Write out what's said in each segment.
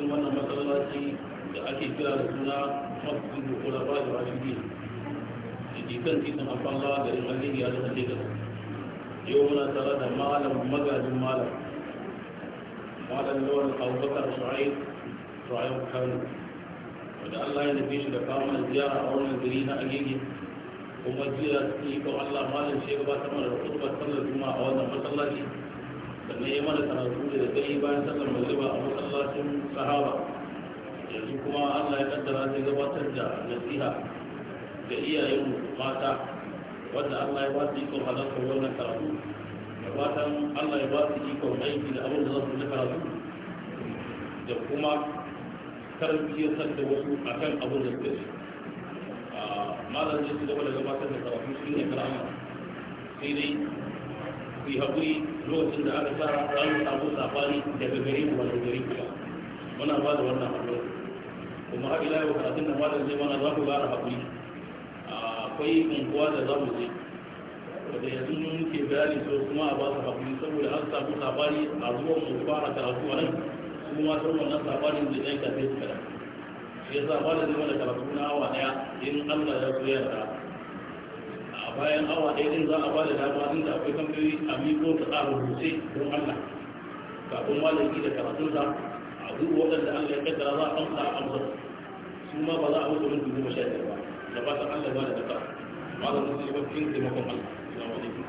cikin wannan masallaci da ake kira da suna masjid da kula ba da rashidi da ke kan titin afalla garin alheri a jihar lagos yau muna tare da malam magajin malam malam lawan abubakar shu'aib shu'aib kano wanda allah ya nufi shi da kawo mana ziyara a wannan gari na alheri kuma jira sun yi ko allah malam shi ya gabatar mana da ba sallar juma'a a wannan masallaci sannan ya mana karatu da dai bayan sallar magriba a masallacin sahaba yanzu kuma Allah ya kaddara zai gabatar da nasiha ga iyayen mata wanda Allah ya ba su ikon ko wannan karatu da fatan Allah ya basu su ikon aiki da abin da za na karatu da kuma tarbiyyar da wasu akan abin da suke malam zai su gaba da gabatar da karatu shi ne karama sai dai ku yi haƙuri lokacin da aka tsara an samu sabani daga gari mu wani gari ba muna ba da wannan haɗuwa kuma har ila yau karatun da malam zai mana za ku gara haƙuri akwai unguwa da za mu je wanda yanzu mun ke bayani so kuma a ba su haƙuri saboda an samu sabani a zuwa mu fara karatu a nan kuma sun wannan sabani da ɗan kafe su kada shi yasa malam zai mana karatu na awa ɗaya in Allah ya so ya yarda a bayan awa ɗaya ɗin za a ba da dama inda akwai kamfani a miko ta tsara rubuce don allah kafin malami da karatunsa a duk waɗanda allah ya kaddara za a amsa a amsa su ma ba za a wuce minti goma sha biyar ba da ba ta allah ba da daga malam musulmi ba fin taimakon allah salamu alaikum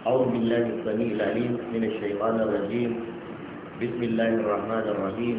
أعوذ بالله السميع العليم من الشيطان الرجيم بسم الله الرحمن الرحيم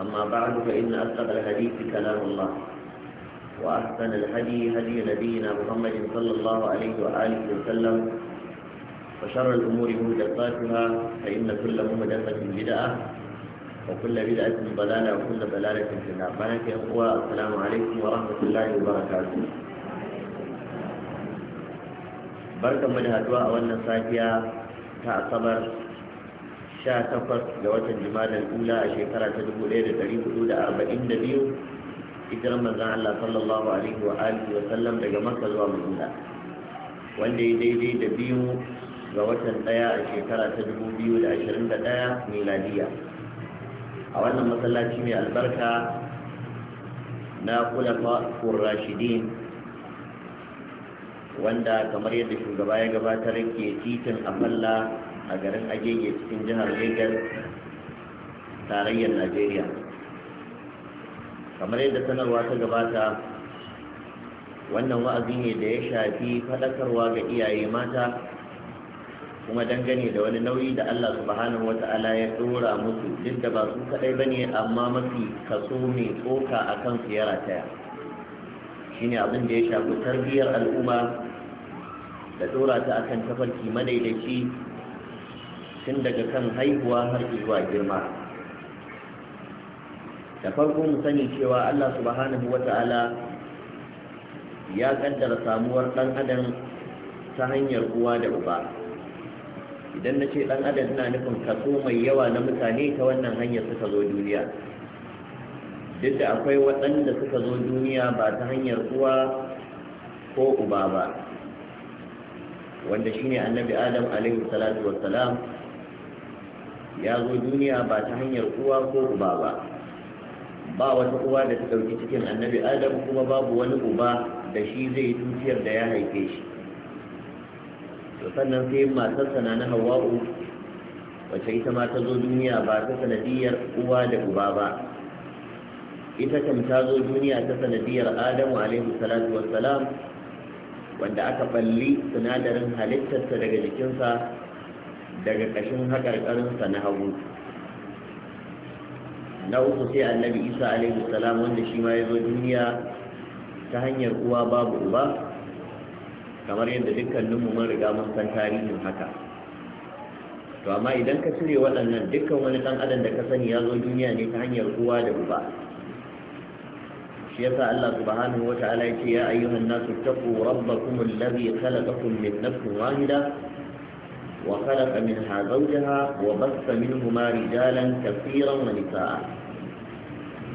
أما بعد فإن أصدق الحديث كلام الله وأحسن الهدي هدي نبينا محمد صلى الله عليه وآله وسلم وشر الأمور مهدفاتها فإن كل مهدفة بدعة وكل بدعة ضلالة وكل ضلالة في النار فهناك أخوة السلام عليكم ورحمة الله وبركاته بركة من هدواء والنصاجية تعتبر sha ga watan jimalar ula a shekara ta dubu ɗaya da dari hudu da arba'in da biyu hijirar manzan Allah sallallahu alaihi wa alihi wa sallam daga maka zuwa Madina wanda ya daidai da biyu ga watan ɗaya a shekara ta dubu biyu da ashirin da ɗaya miladiya a wannan masallaci mai albarka na kulafa rashidin wanda kamar yadda shugaba ya gabatar ke titin afalla a garin agege cikin jihar lagos tarayyar najeriya kamar yadda sanarwa ta gabata wannan wa'azi ne da ya shafi faɗakarwa ga iyaye mata kuma dangane da wani nauyi da allah subhanahu wata'ala ya ɗora musu duk da ba su kaɗai ba ne amma mafi kaso mai tsoka a kan siyara taya shine abin da ya shafi tarbiyyar al'umma da dora ta akan tafarki shi. tun daga kan haihuwa har zuwa girma da farko mu sani cewa Allah subhanahu wata'ala ya kaddara samuwar dan adam ta hanyar uwa da uba idan na ce dan adam na nufin kaso mai yawa na mutane ta wannan hanyar suka zo duniya duk da akwai waɗanda suka zo duniya ba ta hanyar uwa ko uba ba wanda shine annabi adam alaihi salatu wassalam ya zo duniya ba ta hanyar uwa ko uba ba ba wata uwa da ta ɗauki cikin annabi adam kuma babu wani uba da shi zai tutiyar da ya haife shi to sannan sai matarsa na na hawa'u wacce ita ma ta zo duniya ba ta sanadiyar uwa da uba ba ita kam ta zo duniya ta sanadiyar adamu alaihi salatu wassalam wanda aka balli sinadarin halittarsa daga jikinsa daga ƙashin haƙarƙarinsa na hagu na uku sai annabi isa alaihi salam wanda shi ma ya zo duniya ta hanyar uwa babu uba kamar yadda dukkaninmu mun riga mun san tarihin haka to amma idan ka cire waɗannan dukkan wani ɗan adam da ka sani ya zo duniya ne ta hanyar uwa da uba shi yasa Allah subhanahu wata'ala ya ce ya ayyuhan nasu taqu rabbakum alladhi khalaqakum min nafsin wahida وخلق منها زوجها وبث منهما رجالا كثيرا ونساء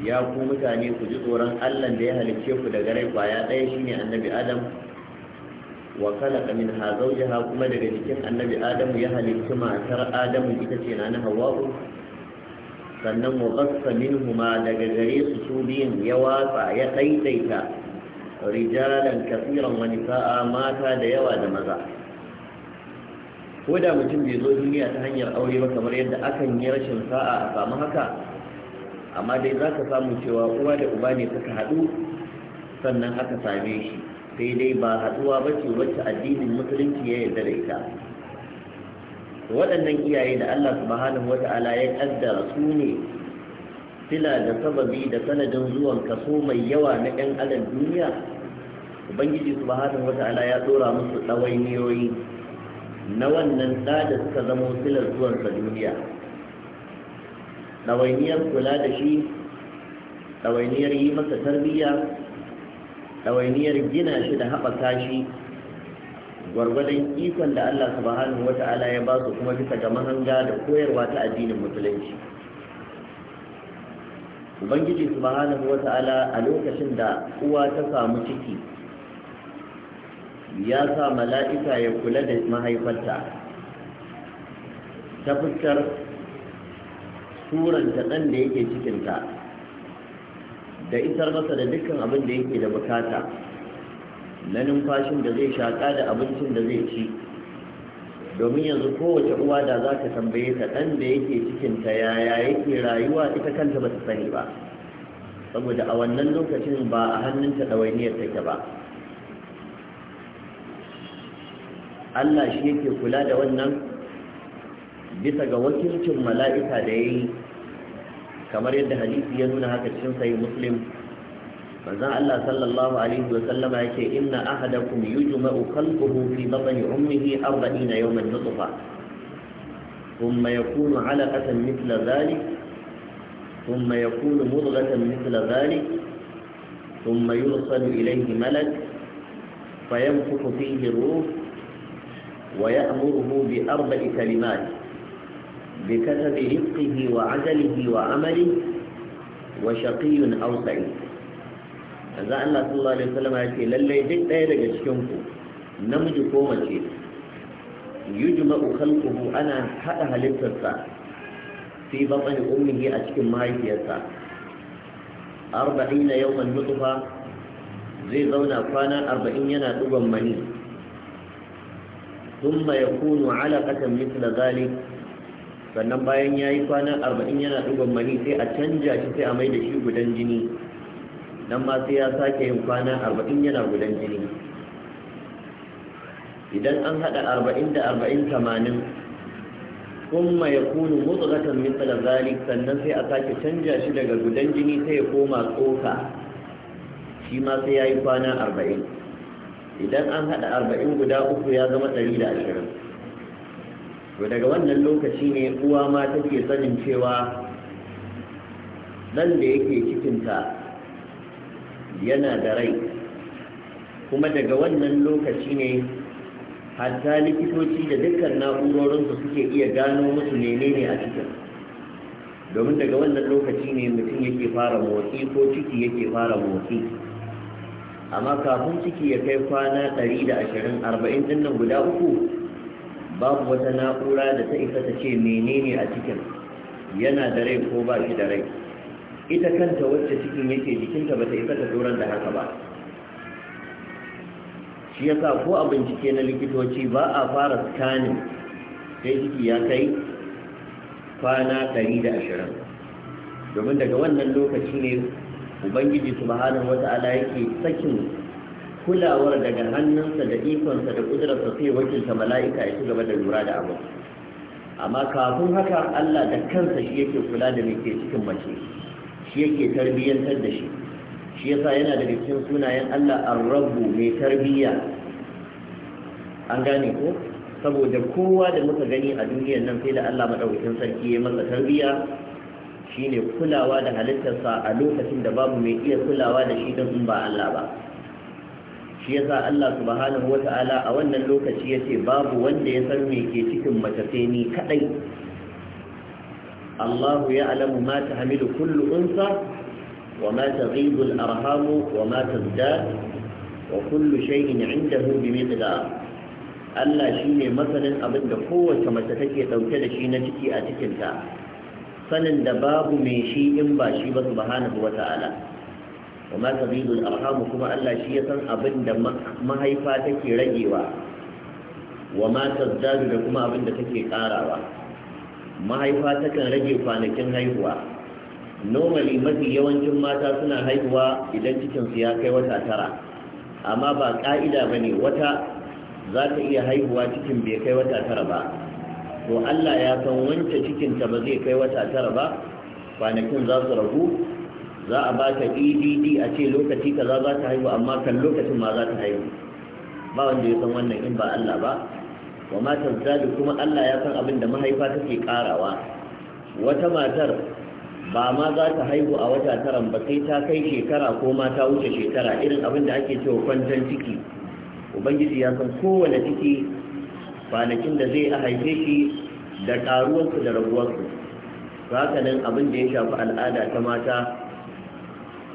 ya ku mutane ku ji tsoron Allah da ya halicce ku daga rai ɗaya shine annabi Adam wa khalaqa minha kuma daga jikin annabi Adam ya halicci matar Adamu ita ce na Hawwa sannan wa minhuma daga gare su su biyun ya watsa ya daidaita rijalan kafiran wa nisaa mata da yawa da maza ko da mutum bai zo duniya ta hanyar aure ba kamar yadda akan yi rashin sa'a a samu haka amma dai za ka samu cewa uwa da uba ne suka haɗu sannan aka same shi sai dai ba haɗuwa ba ce wacce addinin musulunci ya yarda da ita waɗannan iyaye da Allah subhanahu ta'ala ya kaddara su ne sila da sababi da sanadin zuwan kaso mai yawa na 'yan alal duniya ubangiji subhanahu Ta'ala ya ɗora musu ɗawainiyoyi na wannan da suka zamo silar zuwansa duniya ɗawainiyar kula da shi ɗawainiyar yi masa tarbiyya ɗawainiyar gina shi da haɓaka shi gwargwadon ikon da Allah subhanahu wa ta'ala ya ba su kuma bisa ga mahanga da koyarwa ta addinin musulunci ubangiji subhanahu wa ta'ala a lokacin da uwa ta samu ciki ya sa mala'ika ya kula da mahaifarta ta fuskar turanta ɗan da yake cikinta da isar masa da dukkan abin da yake da bukata na numfashin da zai shaƙa da abincin da zai ci domin yanzu kowace uwa da za ka tambaye ta ɗan da yake cikinta yaya yake rayuwa ita kanta ba ta sani ba saboda a wannan lokacin ba a hannunta ɗawainiyar take ba Allah shi yake kula da wannan bisa ga wakilcin mala'ika da ya yi kamar yadda hadisi ya nuna haka cikin sayi muslim manzan Allah sallallahu alaihi wa sallama yake inna ahadakum yujma'u khalquhu fi batni ummihi 40 yawman nutfa ثم يكون علقة مثل ذلك ثم يكون مضغة مثل ذلك ثم يرسل إليه ملك فينفخ فيه الروح ويأمره بأربع كلمات بكسب رزقه وعدله وعمله وشقي أو سعيد هذا الله صلى الله عليه وسلم يقول للي جد أيضا جشكمكم نمج كومتي يجمع خلقه أنا حقها للتسا في بطن أمه أشكم ما يتسا أربعين يوما نطفة زي زونا فانا أربعين ينا تبا مني thumma yakunu alaqatan مثل ذلك sannan bayan yi kwanan 40 yana dugon mani sai a canja shi sai a mai da shi gudan jini nan ma sai ya sake yin kwanan 40 yana gudan jini idan an hada 40 da 40 80 kuma ya kunu mutsugatan mithla zalik sannan sai a sake canja shi daga gudan jini sai ya koma tsoka shi ma sai yayi kwanan arba'in. idan an haɗa arba'in guda uku ya zama ɗari da ashirin to daga wannan lokaci ne uwa ma take sanin cewa ɗan da yake cikinta yana da rai kuma daga wannan lokaci ne hatta likitoci da dukkan na'urorinsu suke iya gano musu menene a cikin domin daga wannan lokaci ne mutum yake fara motsi ko ciki yake fara motsi amma kafin ciki ya kai kwana 120 arba'in din nan guda uku babu wata na'ura da ta isa ta ce menene a cikin yana da rai ko ba shi da rai ita kanta wacce cikin yake jikinta ba ta isa ta doron da haka ba shi yasa ko a bincike na likitoci ba a fara scanning sai ciki ya kai kwana da ashirin domin daga wannan lokaci ne ubangiji subhanahu wata'ala yake sakin kulawar daga hannunsa da ikonsa da kudurarsa sai ta mala'ika ya ci gaba da lura da abu amma kafin haka Allah da kansa shi yake kula da mai ke cikin mace shi yake tarbiyyantar da shi shi yasa yana da cikin sunayen Allah ar-rabbu mai tarbiyya an gane ko saboda kowa da muka gani a duniyar nan sai da Allah madaukakin sarki ya masa tarbiyya shine kulawa da halittarsa a lokacin da babu mai iya kulawa da shi don in ba Allah ba shi yasa Allah subhanahu wata'ala a wannan lokaci yace babu wanda ya san me ke cikin mace sai ni kadai Allah ya'lamu ma tahmilu kullu unsa wa ma taghidu al-arham wa ma tazdad wa kullu shay'in 'indahu bi miqdar Allah shine masanin abin da kowace mace take dauke da shi na ciki a cikin ta sanin da babu mai shi in ba shi ba subhanahu wata'ala kuma tabidul alhamu kuma Allah shi ya san abin da mahaifa take ragewa wa ma tazdadu da kuma abin da take karawa mahaifa takan rage kwanakin haihuwa nomali mafi yawancin mata suna haihuwa idan cikinsu ya kai wata tara amma ba ka'ida bane wata za ta iya haihuwa cikin bai kai wata tara ba to Allah ya san wance cikinta ba zai kai wata tara ba kwanakin za su ragu za a ba ta edd a ce lokaci kaza za ta haihu amma kan lokacin ma za ta haihu ba wanda ya san wannan in ba Allah ba wa matar zadi kuma Allah ya san abin da mahaifa take karawa wata matar ba ma za ta haihu a wata taran ba sai ta kai shekara ko ma ta wuce shekara irin abin da ake cewa kwanton ciki ubangiji ya san kowane ciki kwanakin da zai haife shi da ƙaruwarsu da raguwarsu nan abin da ya shafi al'ada ta mata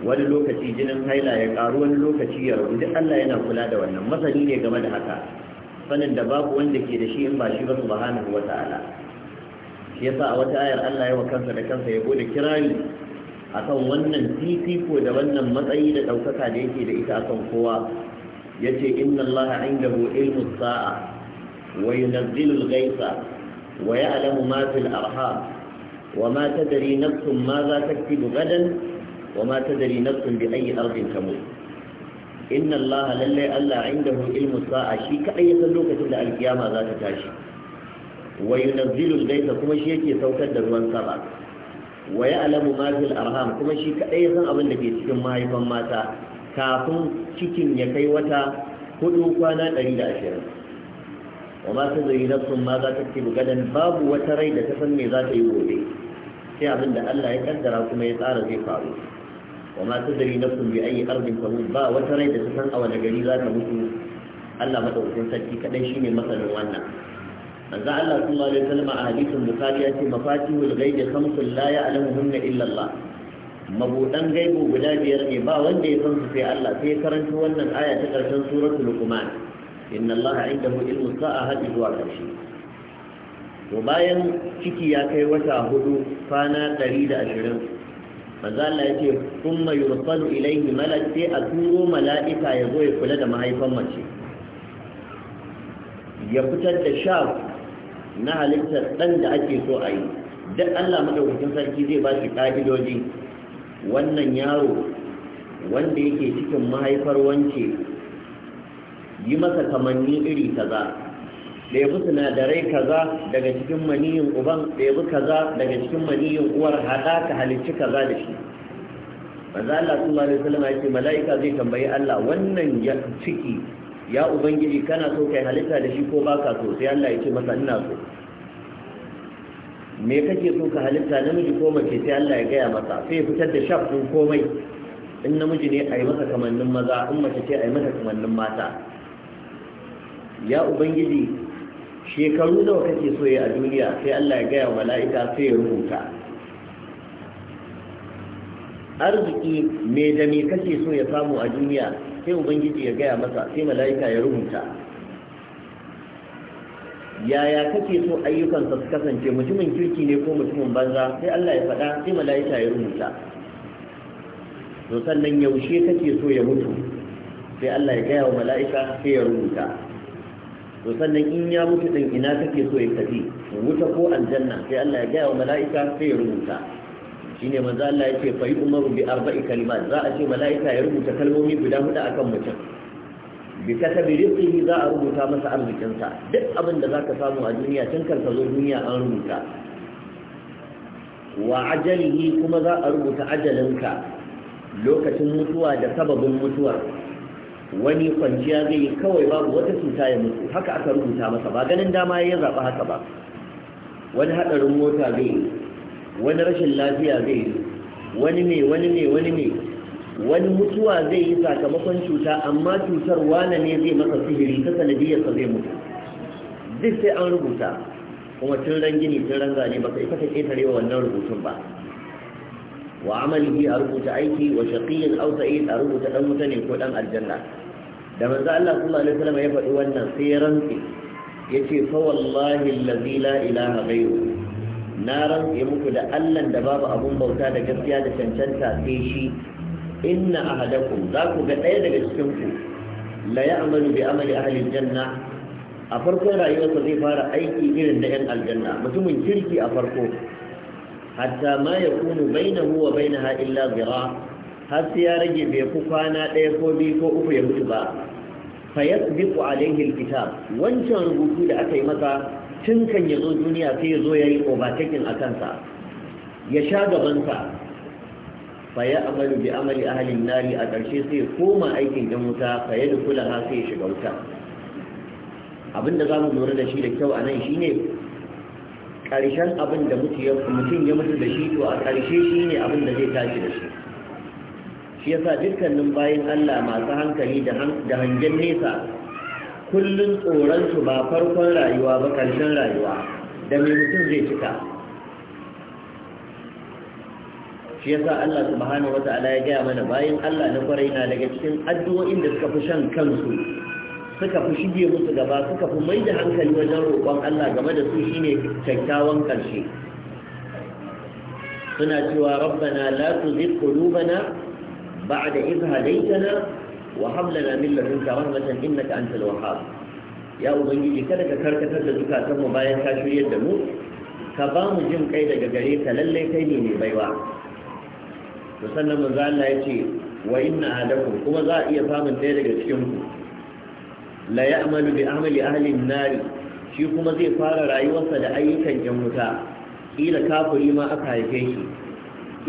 wani lokaci jinin haila ya karu wani lokaci ya rabu duk Allah yana kula da wannan masani ne game da haka sanin da babu wanda ke da shi in ba shi ba subhanahu wa ta'ala shi yasa a wata ayar Allah ya wa kansa da kansa ya gode kirari akan wannan fifiko da wannan matsayi da ɗaukaka da yake da ita akan kowa yace inna Allah indahu ilmus sa'a وينزل الغيث ويعلم ما في الأرحام وما تدري نفس ماذا تكتب غدا وما تدري نفس بأي أرض تموت إن الله للي ألا عنده علم الساعة شيء كأي سلوكة إلى القيامة ذات تاشي وينزل الغيث كما شيء كي سوكد الوان سبع ويعلم ما في الأرهام كما شيء كأي سن أبن لكي تكون ما يفهم ماتا كافون شكين يكي وتا كل كوانا دليل أشياء wa ma ta zai nafsun ma za ta ce gadan babu wata rai da ta san me za ta yi gobe sai abin da Allah ya kaddara kuma ya tsara zai faru wa ma ta zai nafsun bi ayi ardin ta ba wata rai da ta san a wani gari za ta mutu Allah madaukakin sarki kadai shine masanin wannan manzo Allah sallallahu alaihi wasallam a hadisin bukhari ya ce mafatihul ghaibi khamsun la ya'lamuhunna illa Allah mabudan gaibu guda biyar ne ba wanda ya san su sai Allah sai karanta wannan aya ta karshen suratul luqman inna Allah indahu ilmu sa'a hadi zuwa karshe to bayan ciki ya kai wata hudu kwana 120 manzo Allah yace kuma yursalu ilayhi malak sai a turo mala'ika ya zo ya kula da mahaifan mace ya fitar da sha na halittar dan da ake so a yi duk Allah madaukakin sarki zai ba shi ka'idoji wannan yaro wanda yake cikin mahaifar wance yi masa kamanni iri kaza da sinadarai kaza daga cikin maniyin uban da kaza daga cikin maniyin uwar haɗa ka halicci kaza da shi manzo Allah sallallahu alaihi wasallam ce mala'ika zai tambayi Allah wannan ya ciki ya ubangiji kana so kai halitta da shi ko baka so sai Allah ya ce masa ina so me kake so ka halitta namiji ko mace sai Allah ya gaya masa sai ya fitar da shafin komai in namiji ne a yi masa kamannin maza in mace ce a yi masa kamannin mata ya ubangiji shekaru nawa kake so ya a duniya sai Allah ya gaya mala'ika sai ya rubuta arziki me da me kake so ya samu a duniya sai ubangiji ya gaya masa sai mala'ika ya rubuta yaya kake so ayyukansa su kasance mutumin kirki ne ko mutumin banza sai Allah ya faɗa sai mala'ika ya rubuta to sannan yaushe kake so ya mutu sai Allah ya gaya wa mala'ika sai ya rubuta to sannan in ya mutu din ina kake so ya tafi wuta ko aljanna sai Allah ya gaya wa mala'ika sai ya rubuta shine manzo Allah ya ce fa yu'maru bi arba'i kalimat za a ce mala'ika ya rubuta kalmomi guda hudu akan mutum bi katabi rizqihi za a rubuta masa arzikin sa duk abin da zaka samu a duniya tun karka zo duniya an rubuta wa ajalihi kuma za a rubuta ajalinka lokacin mutuwa da sababin mutuwar wani kwanciya zai yi kawai babu wata cuta ya mutu haka aka rubuta masa ba ganin dama ya zaɓa haka ba wani haɗarin mota zai yi wani rashin lafiya zai yi wani ne wani ne wani ne wani mutuwa zai yi sakamakon cuta amma cutar wane ne zai masa sihiri ta sanadiyarsa zai mutu duk sai an rubuta kuma tun rangini gini tun ran ka ba kai kasa ƙetarewa wannan rubutun ba wa amalihi a rubuta aiki wa shaqiyin aw sa'id a rubuta dan wuta ne ko dan aljanna da manzo Allah sallallahu alaihi wasallam ya faɗi wannan sai ya rantsi yace fa wallahi allazi la ilaha ghayru na rantsi muku da Allah da babu abun bauta da gaskiya da cancanta sai shi inna ahadakum za ku ga ɗaya daga cikin ku la ya'malu bi amali ahli janna a farkon rayuwarsa zai fara aiki irin da 'yan aljanna mutumin kirki a farko hatta ma ya kunu bainahu wa bainaha illa zira har sai ya rage bai ku kwana ɗaya ko biyu ko uku ya mutu ba fa yasbiqu alayhi alkitab wancan rubutu da aka yi maka tun kan ya zo duniya sai ya zo ya yi overtaking a kansa ya sha gabansa fa ya amalu bi amali ahlin nari a ƙarshe sai koma aikin ɗan wuta fa ya dukula ha sai ya shiga wuta abinda za mu lura da shi da kyau a nan shine ƙarshen abin da mutum ya mutu da shi to a ƙarshe shi ne abin da zai tashi da shi shi yasa dukkanin bayan Allah masu hankali da hangen nesa kullum tsoronsu ba farkon rayuwa ba ƙarshen rayuwa da mai mutum zai cika shi yasa Allah subhanahu wata'ala ya gaya mana bayan Allah na kwarai na daga cikin addu'o'in da suka fi shan kansu suka fi shige musu gaba suka fi mai da hankali wajen roƙon Allah game da su shine kyakkyawan ƙarshe suna cewa rabbana la tuzigh qulubana ba'da idh hadaytana wa hab lana min ladunka rahmatan innaka antal wahhab ya ubangiji kada ka karkatar da zukatan mu bayan ka shiryar da mu ka ba mu jin kai daga gare ka lalle kai ne mai baiwa to sannan manzo Allah ya ce wa inna adakum kuma za a iya samun ɗaya daga cikin ku la ya'malu bi amali ahli an shi kuma zai fara rayuwarsa da ayyukan yan wuta kila kafiri ma aka haife shi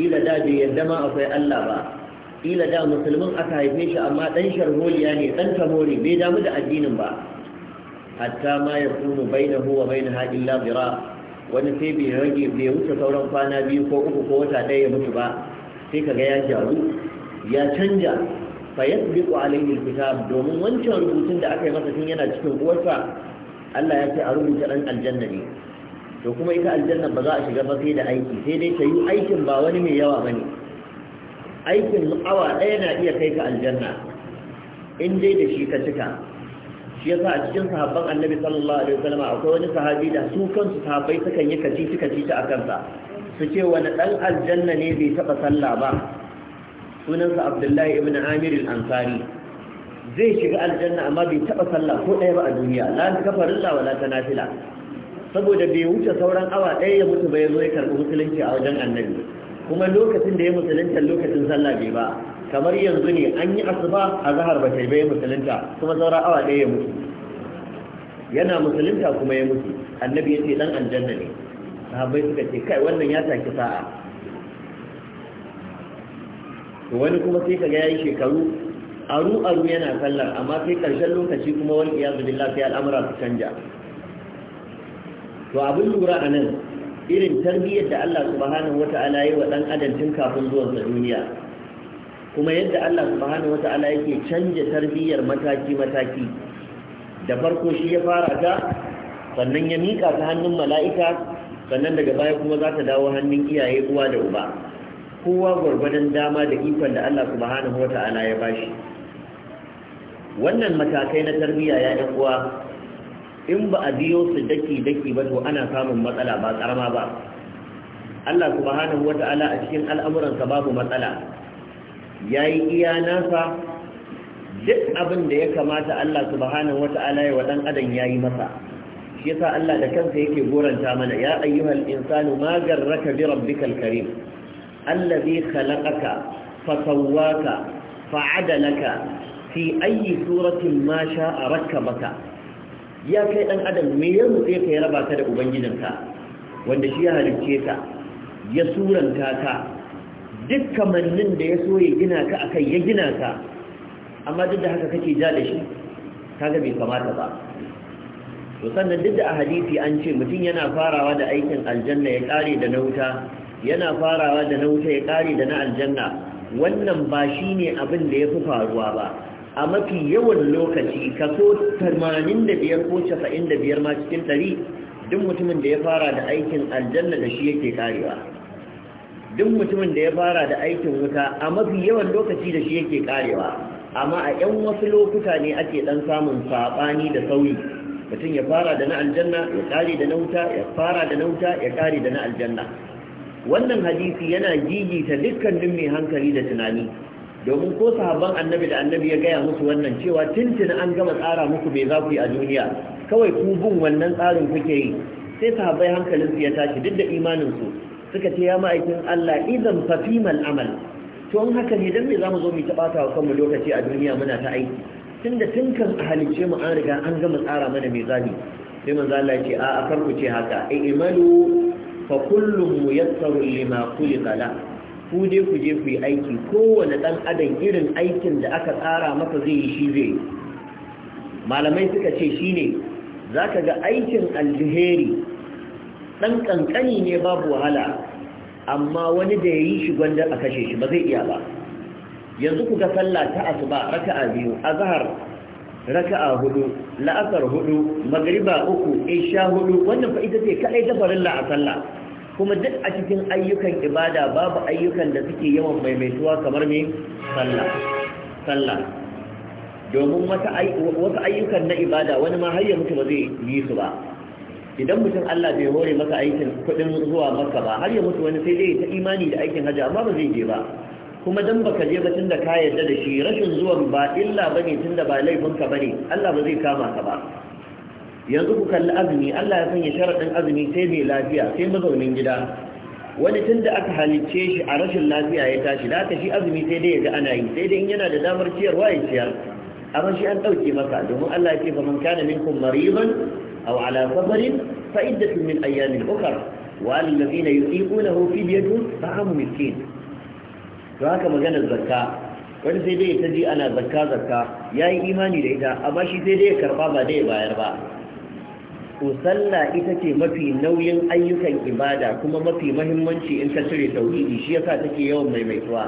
kila da bai yadda ma akwai Allah ba ila da musulmin aka haife shi amma dan sharholiya ne dan tamori bai damu da addinin ba hatta ma yakunu bainahu wa bainaha illa zira wani sai bai rage bai wuce sauran kwana biyu ko uku ko wata ɗaya ya mutu ba sai kaga ya jaru ya canja fa yasbiqu alayhi alkitab domin wancan rubutun da aka yi masa tun yana cikin uwarsa Allah ya ce a rubuta dan aljanna ne to kuma ita aljanna ba za a shiga ba sai da aiki sai dai ta yi aikin ba wani mai yawa ne. aikin awa ɗaya na iya kai ka aljanna in dai da shi ka cika shi yasa a cikin sahabban annabi sallallahu alaihi wasallam akwai wani sahabi da su kansu sahabbai sukan yi kaci kaci ta kansa? su ce wani dan aljanna ne bai taba sallah ba sunansa abdullahi ibn amir al-ansari zai shiga aljanna amma bai taba sallah ko ɗaya ba a duniya la kafarilla wala ta nafila saboda bai wuce sauran awa ɗaya ya mutu ba ya zo ya karɓi musulunci a wajen annabi kuma lokacin da ya musulunta lokacin sallah bai ba kamar yanzu ne an yi asuba a zahar ba bai musulunta kuma sauran awa ɗaya ya mutu yana musulunta kuma ya mutu annabi ya ce dan aljanna ne sahabbai suka ce kai wannan ya taki sa'a to wani kuma sai kaga yayi shekaru aru aru yana sallar amma sai karshen lokaci kuma wal iyaz billah sai al'amura su canja to abin lura anan irin tarbiyyar da Allah subhanahu wata'ala wa dan adam tun kafin zuwan sa duniya kuma yadda Allah subhanahu wata'ala yake canja tarbiyyar mataki mataki da farko shi ya fara ta sannan ya mika ta hannun mala'ika sannan daga baya kuma za ta dawo hannun iyaye uwa da uba kowa gwargwadon dama da ikon da Allah subhanahu wa ta'ala ya bashi wannan matakai na tarbiyya ya ɗan uwa in ba a biyo su daki-daki ba to ana samun matsala ba ƙarama ba Allah subhanahu wa ta'ala a cikin al'amuransa babu matsala ya yi iya nasa duk abin da ya kamata Allah subhanahu wa ta'ala ya waɗan adam ya yi masa shi sa Allah da kansa yake goranta mana ya ayyuhal insanu ma garraka bi rabbikal karim allazi khalaqaka fasawwaka fa'adalaka fi ayi suratin ma sha'a rakkabaka ya kai ɗan adam me ya mutse ka ya raba ka da ubangijinka wanda shi ya halicce ka ya suranta ka duk kamannin da ya so ya gina ka akai ya gina ka amma duk da haka kake ja da shi kaga bai kamata ba to sannan duk da a hadisi an ce mutum yana farawa da aikin aljanna ya kare da na wuta yana farawa da na wuta ya kare da na aljanna wannan ba shi ne abin da ya fi faruwa ba a mafi yawan lokaci kaso 85 ko 95 ma cikin 100 duk mutumin da ya fara da aikin aljanna da shi yake karewa duk mutumin da ya fara da aikin wuta a mafi yawan lokaci da shi yake karewa amma a 'yan wasu lokuta ne ake ɗan samun saɓani da sauyi mutum ya fara da na aljanna ya ƙare da na wuta ya fara da na wuta ya ƙare da na aljanna wannan hadisi yana gigita dukkanin mai hankali da tunani domin ko sahabban annabi da annabi ya gaya musu wannan cewa tuntuni an gama tsara muku bai za ku yi a duniya kawai ku bin wannan tsarin kuke yi sai sahabbai hankalinsu ya tashi duk da imaninsu suka ce ya ma'aikin Allah idan fafimal amal to an haka ne dan me mu zo mu ta bata wa kanmu lokaci a duniya muna ta aiki tunda tun kan halicce mu an riga an gama tsara mana mai zabi sai manzo Allah ya ce a kar farko ce haka ai imalu fakullum mu muyassaru lima khuliqa kala ku je ku je ku yi aiki kowane dan adam irin aikin da aka tsara masa zai yi shi zai malamai suka ce shine zaka ga aikin aljiheri dan kankani ne babu wahala amma wani da yayi shi gwanda a kashe shi ba zai iya ba yanzu ku ga sallah ta asuba raka'a biyu azhar raka'a hudu la'asar hudu magriba uku isha hudu wannan fa ita ce kadai ta farilla a sallah kuma duk a cikin ayyukan ibada babu ayyukan da suke yawan maimaituwa kamar me sallah sallah domin wasu ayyukan na ibada wani ma har ya mutu ba zai yi su ba idan mutum Allah bai hore masa aikin kudin zuwa makka ba har ya mutu wani sai dai ta imani da aikin hajji amma ba zai je ba kuma dan baka je ba tunda ka yarda da shi rashin zuwan ba illa ne tunda ba laifin ka ne Allah ba zai kama ka ba yanzu ku kalli azumi Allah ya sanya sharaɗin azumi sai mai lafiya sai mazaunin gida wani tunda aka halicce shi a rashin lafiya ya tashi da aka shi azumi sai dai ya ga ana yi sai dai in yana da damar ciyarwa ya ciyar amma shi an ɗauke masa domin Allah ya ce fa man kana minkum mariban aw ala safarin fa iddatun min ayyamin ukhra wa alladhina yutiqunahu fidyatun ta'amu miskin don haka maganar zakka wani sai dai ta ji ana zakka zakka ya yi imani da ita amma shi sai dai ya karba ba dai bayar ba to sallah ita ce mafi nauyin ayyukan ibada kuma mafi mahimmanci in ka cire tauhidi shi yasa take yawan maimaituwa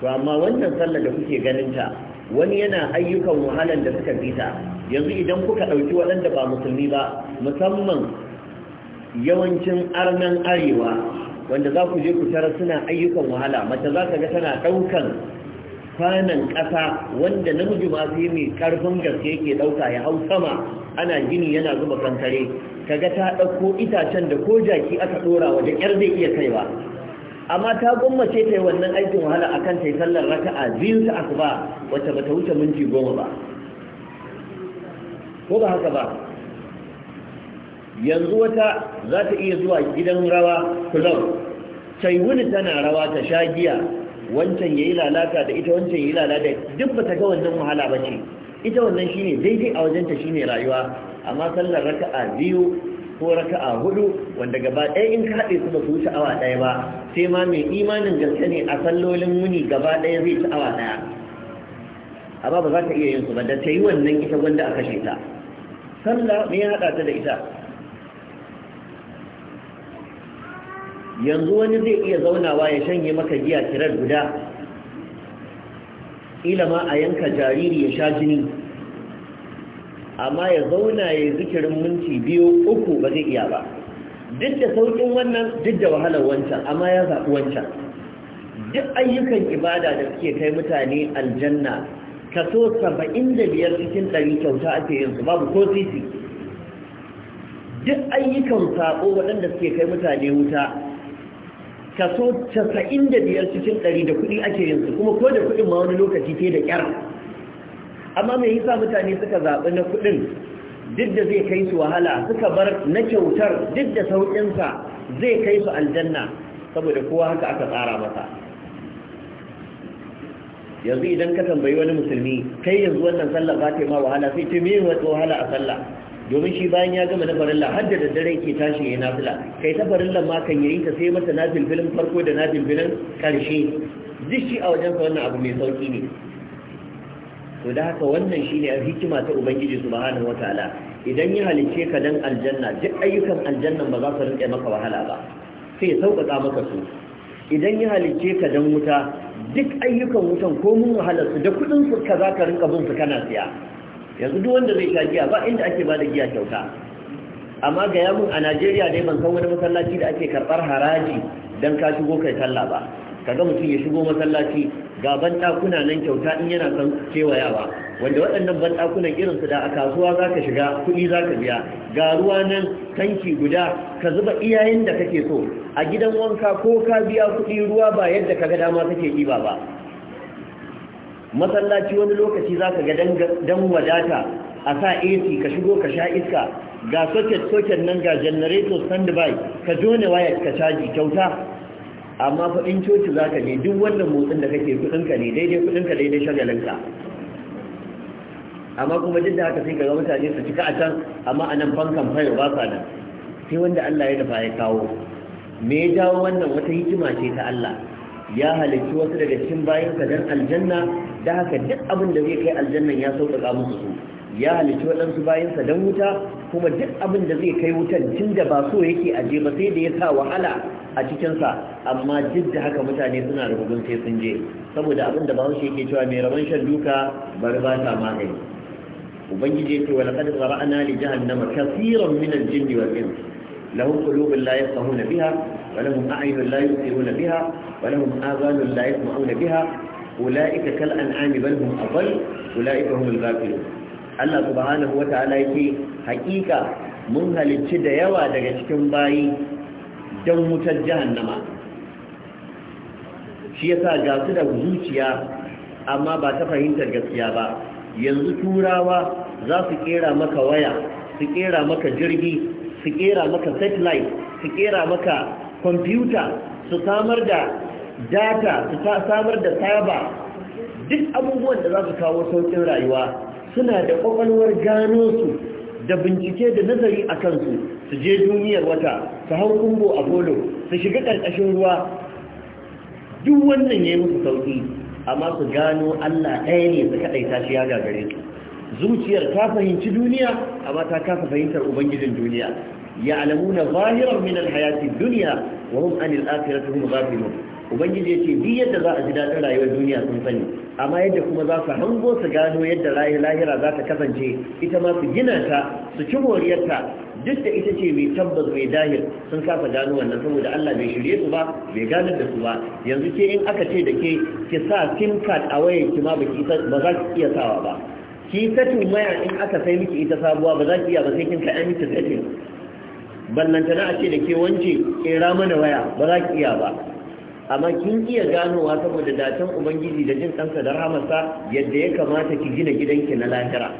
to amma wannan sallah da kuke ganin ta wani yana ayyukan wahalan da suka bi ta yanzu idan kuka ɗauki waɗanda ba musulmi ba musamman yawancin arnan arewa wanda za ku je ku tara suna ayyukan wahala mace za ka ga tana ɗaukan kwanan ƙasa wanda namiji ma yi mai ƙarfin gaske yake ɗauka ya hau sama ana gini yana zuba kankare ka ga ta ɗauko itacen da ko jaki aka ɗora wajen ƴar zai iya kaiwa amma ta gwammace ta yi wannan aikin wahala akan ta yi sallar raka'a biyu ta asuba wacce bata wuce minti goma ba ko ba haka ba yanzu wata za ta iya zuwa gidan rawa club sai wuni tana rawa ta sha giya wancan ya yi lalata da ita wancan ya yi lalata duk ba ta ga wannan wahala ba ce ita wannan shi ne daidai a wajenta ne rayuwa amma sallar raka a biyu ko raka a hudu wanda gaba ɗaya in ka haɗe su ba su wuce awa ɗaya ba sai ma mai imanin gaske ne a sallolin muni gaba ɗaya zai ci awa ɗaya amma ba za ta iya yin su ba da ta yi wannan ita wanda a kashe ta sallah me ya haɗa ta da ita yanzu wani zai iya zaunawa ya shanye maka giya kirar guda ila ma a yanka jariri ya sha jini amma ya zauna ya yi zikirin minti biyu uku ba zai iya ba duk da sauƙin wannan duk da wahalar wancan amma ya zaɓi wancan duk ayyukan ibada da suke kai mutane aljanna kaso saba'in da biyar cikin ɗari kyauta ake yin su babu ko sisi duk ayyukan saƙo waɗanda suke kai mutane wuta kaso 95 cikin 100 da kuɗi ake yin su kuma ko da kuɗin ma wani lokaci ke da ƙyar amma mai yasa mutane suka zaɓi na kuɗin duk da zai kai su wahala suka bar na kyautar duk da sauƙinsa zai kai su aljanna saboda kowa haka aka tsara masa yanzu idan ka tambayi wani musulmi kai yanzu wannan sallah ba ta ma wahala sai ce me wahala a sallah domin shi bayan ya gama na farilla hadda da daddare ke tashi ya nafila kai ta farilla ma kan yayi ta sai mata nafin filin farko da nafin filin karshe duk shi a wajen wannan abu mai sauki ne to da haka wannan shi ne hikima ta ubangiji su subhanahu wataala idan ya halice ka dan aljanna duk ayyukan aljannan ba za su rinka maka wahala ba sai ya sauƙaƙa maka su idan ya halice ka dan wuta duk ayyukan wutan ko mun wahalar da kuɗinsu su ka za ka rinka bin su kana siya yanzu duk wanda zai sha giya ba inda ake ba da giya kyauta amma ga yamun a Najeriya dai ban san wani masallaci da ake karbar haraji dan ka shigo kai talla ba kaga mutum ya shigo masallaci ga banɗakuna nan kyauta in yana son kewayawa wanda waɗannan banɗakunan su da a kasuwa zaka shiga kuɗi zaka biya ga ruwa nan tanki guda ka zuba iyayen da kake so a gidan wanka ko ka biya kuɗi ruwa ba yadda kaga dama kake ɗiba ba masallaci wani lokaci za ka ga dan wadata a sa ac ka shigo ka sha iska ga socket-socket nan ga generator standby ka jone waya ka caji kyauta amma faɗin coci za ka ne duk wannan motsin da kake kudinka ne daidai kudinka daidai shagalinka amma kuma duk da haka sai ka ga mutane su cika a can amma a nan fankan fayo ba sa nan sai wanda Allah ya dafa ya kawo me ya jawo wannan wata hikima ce ta Allah ya halicci wasu daga cikin bayansa don aljanna da haka duk abin da zai kai aljannan ya sauƙaƙa musu su ya halicci waɗansu bayansa don wuta kuma duk abin da zai kai wutan tun da ba so yake aje ba sai da ya sa wahala a cikinsa amma duk da haka mutane suna da bugun sai sun je saboda abin da bahaushe yake cewa mai rabon shan duka bari ba ta magani ubangiji ya ce wa laqad zara'na li jahannama kaseeran min al-jinni wal ins lahum qulubun la yafqahuna biha wa lahum a'yunun la yubsiruna biha ولهم آذان لا يسمعون بها أولئك كالأنعام بل هم أضل أولئك هم الغافلون Allah subhanahu wa ta'ala ke. hakika mun halicci da yawa daga cikin bayi don wutar nama. shi yasa ga su da zuciya amma ba ta fahimtar gaskiya ba yanzu turawa za su kera maka waya su kera maka jirgi su kera maka satellite su kera maka kwamfuta su samar da data su samar da taba duk abubuwan da za su kawo sauƙin rayuwa suna da kwakwalwar gano su da bincike da nazari a kansu su je duniyar wata su hau kumbo a polo su shiga ƙarƙashin ruwa duk wannan ya yi musu sauƙi amma su gano allah ɗaya ne su kaɗai ta shi ya gagare su zuciyar ta fahimci duniya amma ta kasa fahimtar ubangijin duniya ya na zahirar min alhayati duniya wa hum anil akhirati hum ghafilun ubangiji ya ce duk yadda za a ji daɗin rayuwar duniya sun sani amma yadda kuma za su hango su gano yadda lahira za ta kasance ita ma su gina ta su ci moriyarta duk da ita ce mai tabbas mai dahil sun kasa gano wannan saboda Allah bai shirye su ba bai ganar da su ba yanzu ke in aka ce da ke ki sa sim card a wayar ki ma ba za ki iya sawa ba ki setting waya in aka sai miki ita sabuwa ba za ki iya ba sai kin kaɗa miki setting ballantana a ce da ke wance kera mana waya ba za ki iya ba amma kin iya ganowa saboda dacen ubangiji da jin kansa da rahamarsa yadda ya kamata ki gina gidanki na lahira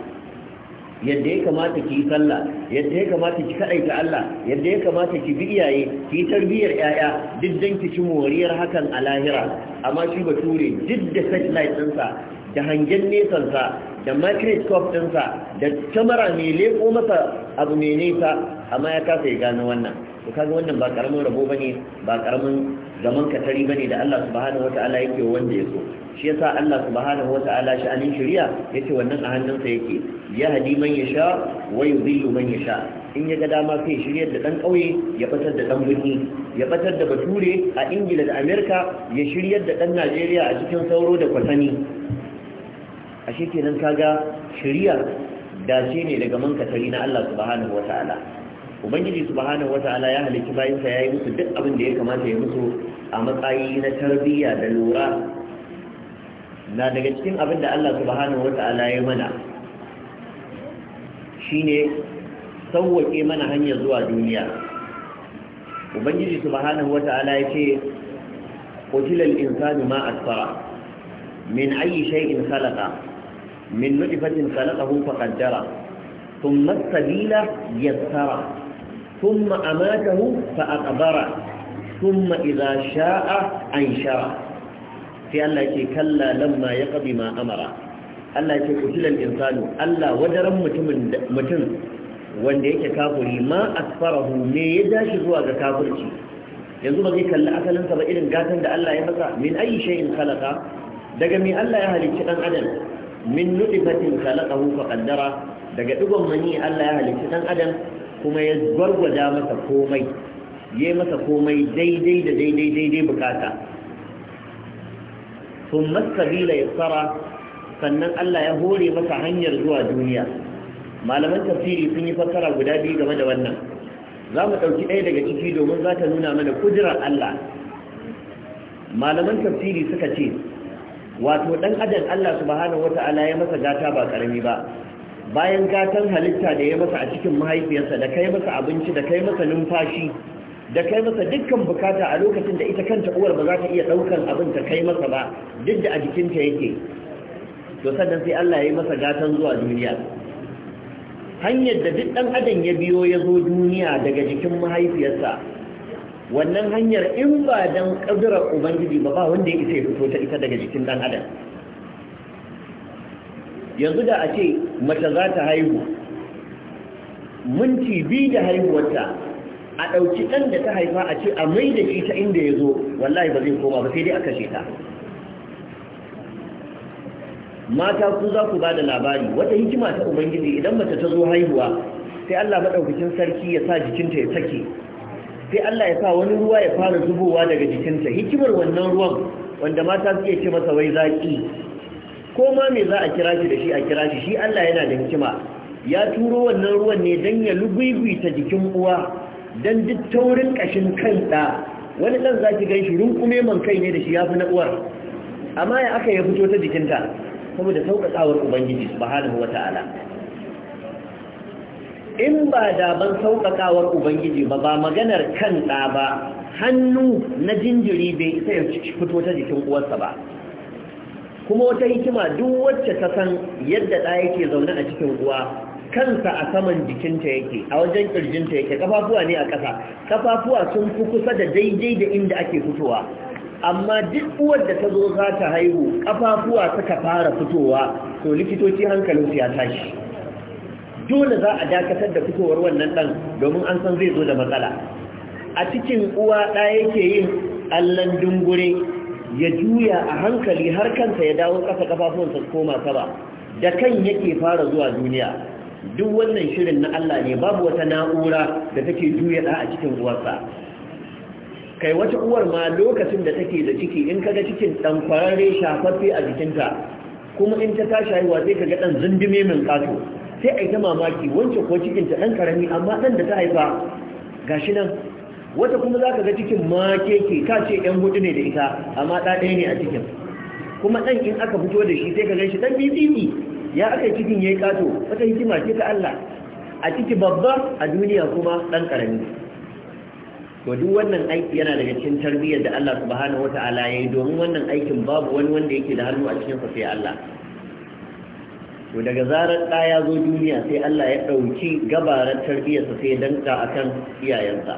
yadda ya kamata ki yi sallah yadda ya kamata ki kaɗaita Allah yadda ya kamata ki bi iyaye ki tarbiyar tarbiyyar ƴaƴa duk dan ki ci moriyar hakan a lahira amma shi bature duk da satellite ɗinsa da hangen nesan sa da microscope ɗinsa da kyamara mai leƙo masa abu mai nesa amma ya kasa ya gano wannan to kaga wannan ba karamin rabo bane ba karamin zaman katari bane da Allah subhanahu wata'ala yake wanda ya so shi yasa Allah subhanahu wata'ala sha'anin shari'a yace wannan a hannunsa yake ya hadi man yasha wa yudillu man yasha in ya ga dama sai shiryar da dan kauye ya fitar da dan birni ya fitar da bature a Ingila da Amerika ya shiryar da dan Najeriya a cikin sauro da kwatani ashe kenan kaga shari'a dace ne daga mankatari na Allah subhanahu wata'ala ubangiji subhanahu wata'ala ya halicci bayansa ya yi musu duk abin da ya kamata ya musu a matsayi na tarbiyya da lura na daga cikin abin da Allah subhanahu wata'ala ya mana shine sauwake mana hanyar zuwa duniya ubangiji subhanahu wata'ala ya ce قتل الإنسان ma أكثر من أي شيء خلقه من نطفة sun فقدره ثم السبيل tsara. ثم أماته فأقبره ثم إذا شاء أنشره في الله يتي كلا لما يقضي ما أمره الله يتي قتل الإنسان الله ودرم متن wanda yake kafuri ma asfarahu me ya dashi zuwa ga kafirci yanzu ba zai kalli asalinsa ba irin gatan da Allah ya masa min ayi shay'in khalaqa daga me Allah ya halicci dan adam min nutfatin khalaqahu fa qaddara daga dugon mani Allah ya halicci dan adam kuma ya gwargwada masa komai yayi masa komai daidai da daidai daidai bukata sun masabila ya tsara sannan Allah ya hore masa hanyar zuwa duniya malaman tafsiri sun yi fassara guda biyu game da wannan za mu ɗauki ɗaya daga ciki domin za ta nuna mana kujirar Allah malaman tafsiri suka ce wato ɗan adam Allah subhanahu wata'ala ya masa gata ba ƙarami ba bayan gatan halitta da ya masa a cikin mahaifiyarsa da kai masa abinci da kai masa numfashi da kai masa dukkan bukata a lokacin da ita kanta uwar ba za ta iya daukan abin ta kai masa ba duk da a jikinta yake to sannan sai Allah ya yi masa gatan zuwa duniya hanyar da duk dan adam ya biyo ya zo duniya daga jikin mahaifiyarsa wannan hanyar in ba dan kadara ubangiji ba ba wanda ya isa ya fito ta ita daga jikin dan adam yanzu da a ce mace za ta haihu minti biyu da haihuwarta a ɗauki ɗan da ta haifa a ce a mai da shi ta inda ya zo wallahi ba zai koma ba sai dai aka sheta ta mata ku za ku ba da labari wata hikima ta ubangiji idan mace ta zo haihuwa sai allah maɗaukacin sarki ya sa jikinta ya sake sai allah ya sa wani ruwa ya fara zubowa daga jikinta hikimar wannan ruwan wanda mata suke ce masa wai zaƙi ko ma me za a kira shi da shi a kira shi shi Allah yana da hikima ya turo wannan ruwan ne dan ya ta jikin uwa dan duk taurin kashin kai da wani dan zaki gan shi runkume man kai ne da shi yafi na uwar amma ya aka ya fito ta jikinta saboda saukakawar ubangiji subhanahu wataala in ba da ban saukakawar ubangiji ba ba maganar kan da ba hannu na jinjiri bai isa ya fito ta jikin uwarsa ba kuma wata hikima duk wacce ta san yadda ɗa yake zaune a cikin uwa kansa a saman jikinta yake a wajen ƙirjinta yake kafafuwa ne a ƙasa kafafuwa sun fi kusa da daidai da inda ake fitowa amma duk uwar da ta zo za ta haihu kafafuwa suka fara fitowa to likitoci hankalin ya tashi dole za a dakatar da fitowar wannan ɗan domin an san zai zo da matsala a cikin uwa ɗaya yake yin allan dungure ya juya a hankali har kansa ya dawo ƙasa kafafuwansa koma saba da kan yake fara zuwa duniya duk wannan shirin na Allah ne babu wata na'ura da take juya ɗa a cikin uwarsa kai wata uwar ma lokacin da take da ciki in kaga cikin ɗan kwararre shafaffe a jikinta kuma in ta tashi haihuwa sai kaga ɗan zindime min ƙato sai a yi ta mamaki wancan ko cikinta ɗan karami amma ɗan da ta haifa gashi nan wata kuma za ka ga cikin ma ke ka ce yan hudu ne da ita amma ɗa ɗaya ne a cikin kuma ɗan in aka fito da shi sai ka gan shi ɗan bibini ya aka yi cikin ya yi ƙato wata hikima ce ta Allah a ciki babba a duniya kuma ɗan ƙarami to duk wannan aiki yana daga cikin tarbiyyar da Allah subhanahu wata'ala ya yi domin wannan aikin babu wani wanda yake da hannu a cikin sai Allah to daga zarar ɗa ya zo duniya sai Allah ya ɗauki gabarar tarbiyyarsa sai ya danka akan iyayensa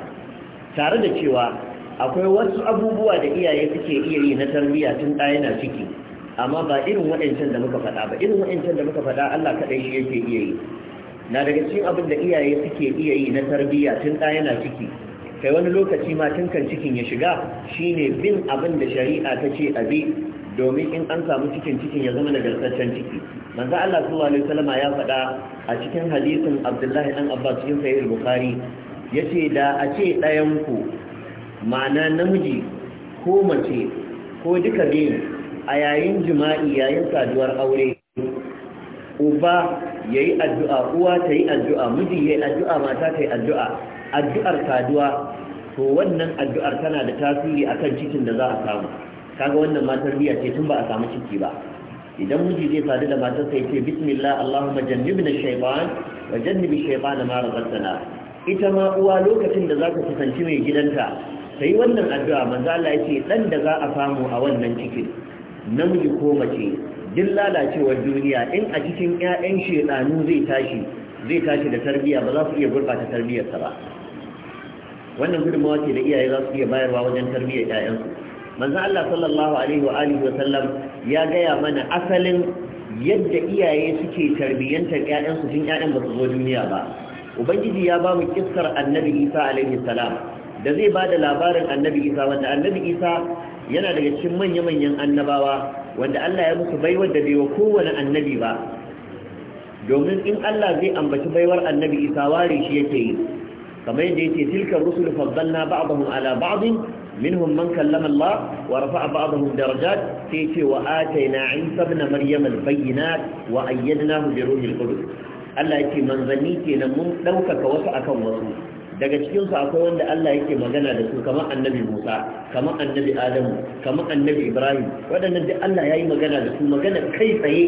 tare da cewa akwai wasu abubuwa da iyaye suke iya yi na tarbiyya tun ɗaya na ciki amma ba irin waɗancan da muka faɗa ba irin waɗancan da muka faɗa Allah kaɗai shi yake iya yi na daga cikin abin da iyaye suke iya yi na tarbiyya tun ɗaya na ciki kai wani lokaci ma tun kan cikin ya shiga shine bin abin da shari'a ta ce a bi domin in an samu cikin cikin ya zama nagartaccen ciki manzo Allah sallallahu alaihi wasallama ya faɗa a cikin hadisin Abdullahi dan Abbas cikin sahih Bukhari ya ce da a ce ɗayanku ma'ana namiji ko mace ko duka ne a yayin jima'i yayin saduwar aure uba ya yi addu'a uwa ta yi addu'a miji ya yi addu'a mata ta yi addu'a addu'ar saduwa to wannan addu'ar tana da tasiri a kan cikin da za a samu kaga wannan matar biya ce tun ba a samu ciki ba idan miji zai sadu da matarsa ya ce bismillah allahumma jannibna shaytan wa jannibi shaytana ma razaqtana ita ma uwa lokacin da za ka kusanci mai gidanta ta yi wannan addu'a manzo Allah ya ce ɗan da za a samu a wannan cikin namiji ko mace duk lalacewar duniya in a cikin 'ya'yan shedanu zai tashi zai tashi da tarbiyya ba za su iya gurɓata tarbiyyarsa ba wannan gudunmawa ce da iyaye za su iya bayarwa wajen tarbiyyar 'ya'yansu manzo Allah sallallahu alaihi wa alihi wa sallam ya gaya mana asalin yadda iyaye suke tarbiyyantar 'ya'yansu tun 'ya'yan ba su zo duniya ba ubangiji ya ba mu kissar annabi isa alaihi salam da zai ba da labarin annabi isa wanda annabi isa yana daga cikin manya-manyan annabawa wanda allah ya musu baiwar da bai wa kowane annabi ba domin in allah zai ambaci baiwar annabi isa ware shi yake yi kamar yadda yake tilka rusul faddalna ba'dahum ala ba'd minhum man kallama allah wa rafa'a ba'dahum darajat sai ce wa atayna isa ibn maryam al-bayyinat wa ayyadnahu bi ruhil qudus Allah yake manzanni kenan mun ɗaukaka wasu akan wasu daga cikinsu akwai wanda Allah yake magana da su kamar annabi Musa kamar annabi Adamu kamar annabi Ibrahim waɗannan da Allah ya yi magana da su magana kai tsaye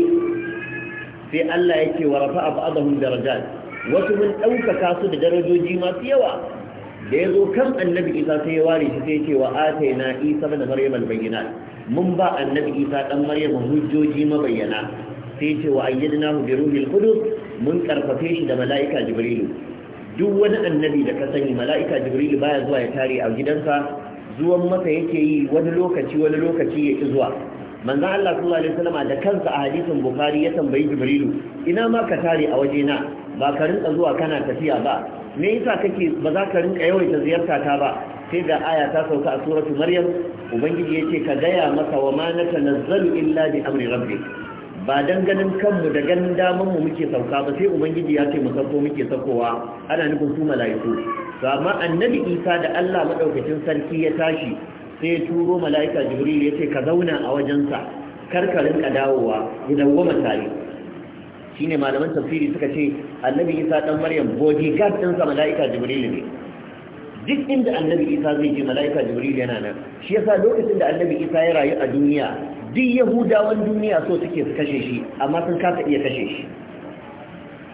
sai Allah yake wa rafa'a ba'dahum darajat wasu mun ɗaukaka su da darajoji masu yawa da ya zo kan annabi Isa sai ya ware shi sai yake wa ataina Isa da Maryam al-bayyinat mun ba annabi Isa dan Maryam hujjoji mabayyana sai ce wa ayyadnahu bi ruhil qudus mun karfafe shi da mala'ika jibrilu duk wani annabi da ka sani mala'ika jibrilu baya zuwa ya tare a gidansa zuwan masa yake yi wani lokaci wani lokaci ya ki zuwa manzon Allah sallallahu alaihi wasallam da kansa a hadisin bukhari ya tambayi jibrilu ina ma ka tare a waje na ba ka rinka zuwa kana tafiya ba me yasa kake ba za ka rinka yawaita ziyarta ta ba sai ga aya ta sauka a suratu maryam ubangiji yace ka gaya masa wa ma natanazzalu illa bi amri rabbik ba dan ganin kanmu da ganin damanmu mu muke sauka ba sai ubangiji ya ce mu sauko muke saukowa ana nufin su mala'iku to amma annabi isa da Allah madaukakin sarki ya tashi sai turo mala'ika jibril ya ce ka zauna a wajensa kar ka rinka dawowa ya dawwama tare shine malaman tafsiri suka ce annabi isa dan maryam bodyguard ɗinsa mala'ika jibril ne duk inda annabi isa zai je mala'ika jibril yana nan shi yasa lokacin da annabi isa ya rayu a duniya duk yahudawan duniya so suke su kashe shi amma sun kasa iya kashe shi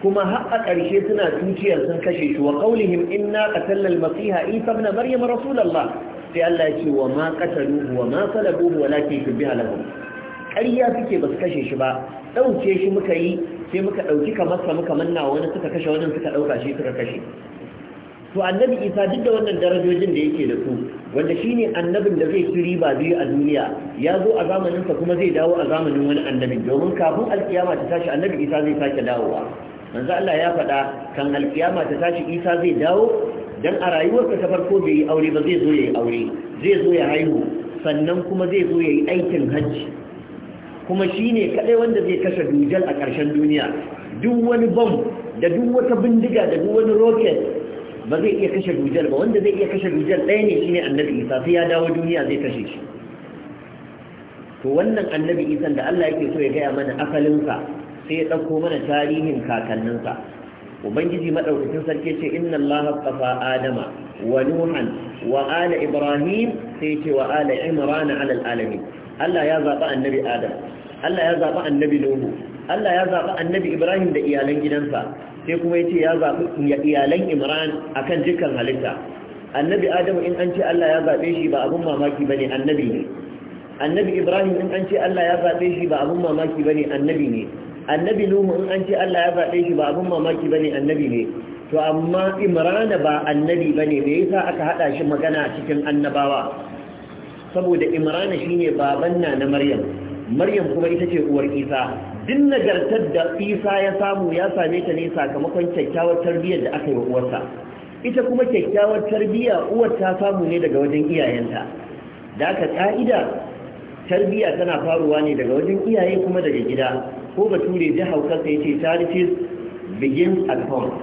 kuma har a ƙarshe suna tuciyar sun kashe shi wa qaulihim inna ka al-masiha isa na maryam Rasulallah. sai Allah ya ce wa ma qataluhu wa ma salabuhu walakin shubbiha lahum ƙarya suke ba su kashe shi ba ɗauke shi muka yi sai muka ɗauki kamarsa muka manna wani suka kashe wani suka ɗauka shi suka kashe to annabi isa duk da wannan darajojin da yake da su wanda shine annabin da zai ci riba biyu a duniya ya zo a zamanin sa kuma zai dawo a zamanin wani annabi domin kafin alkiyama ta tashi annabi isa zai sake dawowa manzo Allah ya faɗa kan alkiyama ta tashi isa zai dawo dan a rayuwarsa ta farko bai yi aure ba zai zo ya yi aure zai zo ya haihu sannan kuma zai zo ya yi aikin hajji kuma shine kadai kaɗai wanda zai kashe dujal a ƙarshen duniya duk wani bom da duk wata bindiga da duk wani rocket ba zai iya kashe dujal ba wanda zai iya kashe dujal ɗaya ne shine annabi isa sai ya dawo duniya zai kashe shi to wannan annabi isa da Allah yake so ya gaya mana asalinsa sai ya ɗauko mana tarihin kakanninsa ubangiji maɗaukacin sarki ce inna allaha qafa adama wa nuhan wa ala ibrahim sai ce wa ala imran ala alamin Allah ya zaba annabi adam Allah ya zaba annabi nuhu Allah ya zaba annabi ibrahim da iyalan gidansa sai kuma ya ce ya zaɓi iyalan imran a kan jikan halitta annabi adamu in an ce allah ya zaɓe shi ba abin mamaki ba ne annabi ne annabi ibrahim in an ce allah ya zaɓe shi ba abin mamaki ba ne annabi ne annabi nuhu in an ce allah ya zaɓe shi ba abin mamaki ba ne annabi ne to amma imrana ba annabi ba ne me yasa aka haɗa shi magana cikin annabawa saboda imrana shine baban na na maryam maryam kuma ita ce uwar isa Din nagartar da isa ya samu ya same ta ne sakamakon kyakkyawar tarbiyyar da aka yi wa uwarsa ita kuma kyakkyawar tarbiyya uwar ta samu ne daga wajen iyayenta da aka ka'ida tarbiyya tana faruwa ne daga wajen iyaye kuma daga gida ko Ture da haukasa ya ce charities begins at home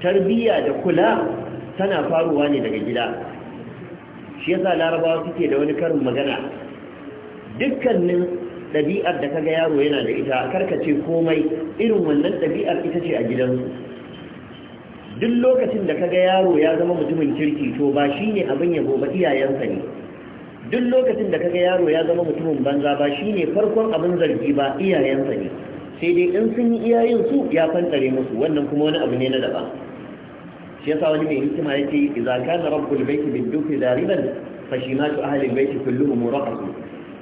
tarbiyya da kula tana faruwa ne daga gida shi yasa larabawa suke da wani karin magana dukkanin ɗabi'ar da ka ga yaro yana da ita karkace komai irin wannan ɗabi'ar ita ce a gidansu duk lokacin da ka ga yaro ya zama mutumin kirki to ba shi ne abin yabo ba iyayensa ne duk lokacin da ka ga yaro ya zama mutumin banza ba shi ne farkon abin zargi ba iyayensa ne sai dai in sun yi iyayen su ya fantsare musu wannan kuma wani abu ne na daba. shi yasa wani mai hikima yake idza kana rabbul baiti bidduki dufi dariban fa ahli baiti kulluhum raqasun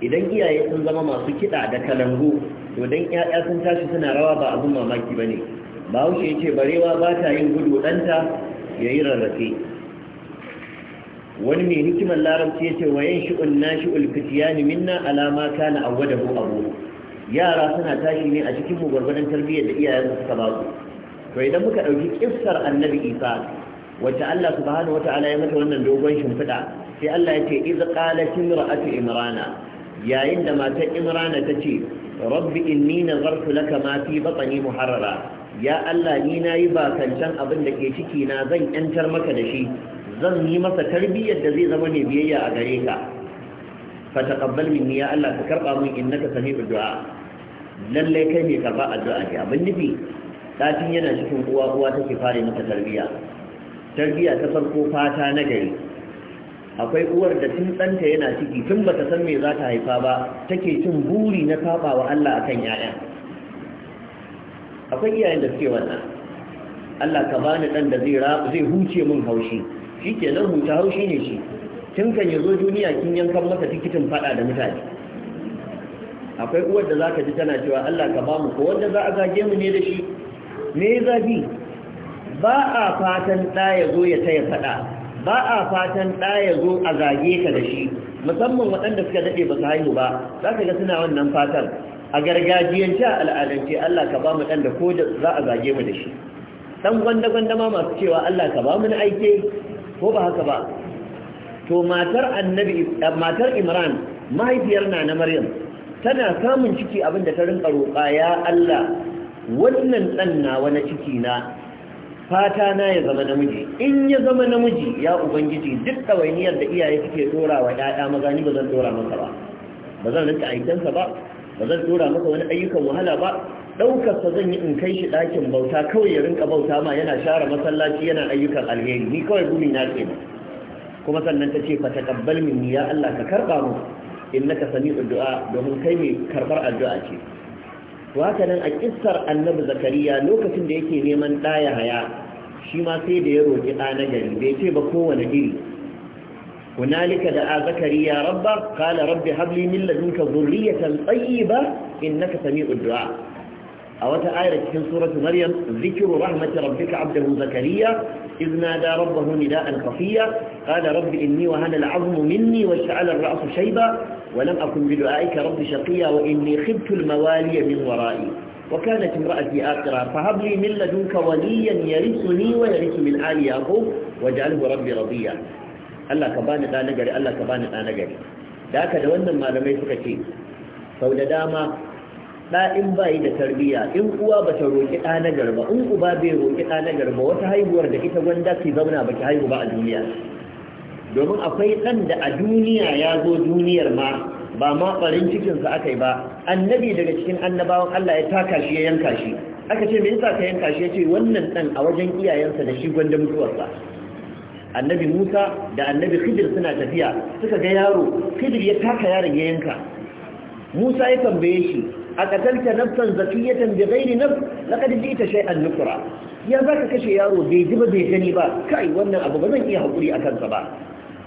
idan iyaye sun zama masu kiɗa da kalangu to dan ƴaƴa sun tashi suna rawa ba abun mamaki bane bahaushe ya ce barewa ba ta yin gudu ɗanta ya yi rarrafe wani mai hikimar larabci ya ce wa yin shi'un na shi'ul fitiyani minna alama kana awwadahu abu yara suna tashi ne a cikin mugwargwadon tarbiyyar da iyayen suka ba su to idan muka ɗauki kissar annabi isa wacce allah subhanahu wataala ya mata wannan dogon shimfiɗa sai allah ya ce iz qalat imra'atu imrana yayin da matar imrana ta ce rabbi inni nazartu laka ma fi batni muharrara ya Allah ni nayi bakancan abin da ke ciki na zan yantar maka da shi zan yi masa tarbiyyar da zai zama mai biyayya a gare ka fa taqabbal minni ya Allah ka karba min innaka sami'ud du'a lalle kai mai karba addu'a ne abin nufi datin yana cikin uwa uwa take fara mata tarbiyya tarbiyya ta farko fata na gari akwai uwar da tun ɗanta yana ciki tun ba ta san me za ta haifa ba take cin buri na kaba wa Allah akan 'ya'ya akwai iyayen da suke wannan Allah ka bani ɗan da zai huce min haushi shi ke nan huta haushi ne shi tun kan ya zo duniya kin yankan masa tikitin faɗa da mutane akwai uwar da zaka ji tana cewa Allah ka ba mu ko wanda za a zage mu ne da shi me zafi ba a fatan ɗa ya zo ya taya faɗa ba a fatan ɗaya zo a zage ka da shi musamman waɗanda suka daɗe ba su haihu ba za ka ga suna wannan fatan a gargajiyance a al'adance Allah ka ba mu ɗan da ko da za a zage mu da shi ɗan gwanda-gwanda ma masu cewa Allah ka ba mu na aike ko ba haka ba to matar annabi matar imran mahaifiyar na na maryam tana samun ciki abin da ta rinka roƙa ya Allah wannan ɗan na wani ciki na fata na ya zama namiji in ya zama namiji ya ubangiji duk ɗawainiyar da iyaye suke dora wa maza ni ba zan dora masa ba ba zan rinka ba ba zan masa wani ayyukan wahala ba ɗaukarsa zan yi in kai shi ɗakin bauta kawai ya rinka bauta ma yana share masallaci yana ayyukan alheri ni kawai gumi na kenan kuma sannan ta ce fa taqabbal minni ya Allah ka karɓa mu naka sami'ud du'a domin kai mai karbar addu'a ce to haka nan a kissar annabi zakariya lokacin da yake neman ɗaya haya shi ma sai da ya roƙi ɗa na gari bai ce ba kowane iri hunalika da a zakari ya rabba kala rabbi habli min ladunka zurriyatan tayyiba innaka sami'ud du'a a wata ayar cikin surat maryam zikru rahmati rabbika abdahu zakariya rabbi إذ نادى ربه نداء خفيا قال رب إني وهن العظم wa واشتعل الرأس شيبا ولم rabbi بدعائك wa شقيا وإني خبت الموالي min wara'i وكانت امرأتي آقرة فهب لي من لدنك وليا يرثني ويرث من آل يعقوب واجعله ربي رضيا الله كبان دا نجري الله كبان دا نجري da haka da wannan malamai suka ce sau da dama ɗa in bayi da tarbiyya in uwa ba ta roƙi ɗa na garba in uba bai roƙi ɗa na garba wata haihuwar da ita gwanda ki zauna ba ki haihu ba a duniya domin akwai ɗan da a duniya ya zo duniyar ma ba ma ɓarin cikinsa aka yi ba annabi daga cikin annabawan Allah ya taka shi ya yanka shi aka ce me yasa ka yanka shi ya ce wannan ɗan a wajen iyayensa da shi gwanda mutuwarsa annabi Musa da annabi Khidir suna tafiya suka ga yaro Khidir ya taka yaron ya yanka Musa ya tambaye shi a katalta nafsan zakiyatan bi ghairi nafs laqad ita shai nukra ya ka kashe yaro bai ji ba bai gani ba kai wannan abu ba zan iya hakuri akan kansa ba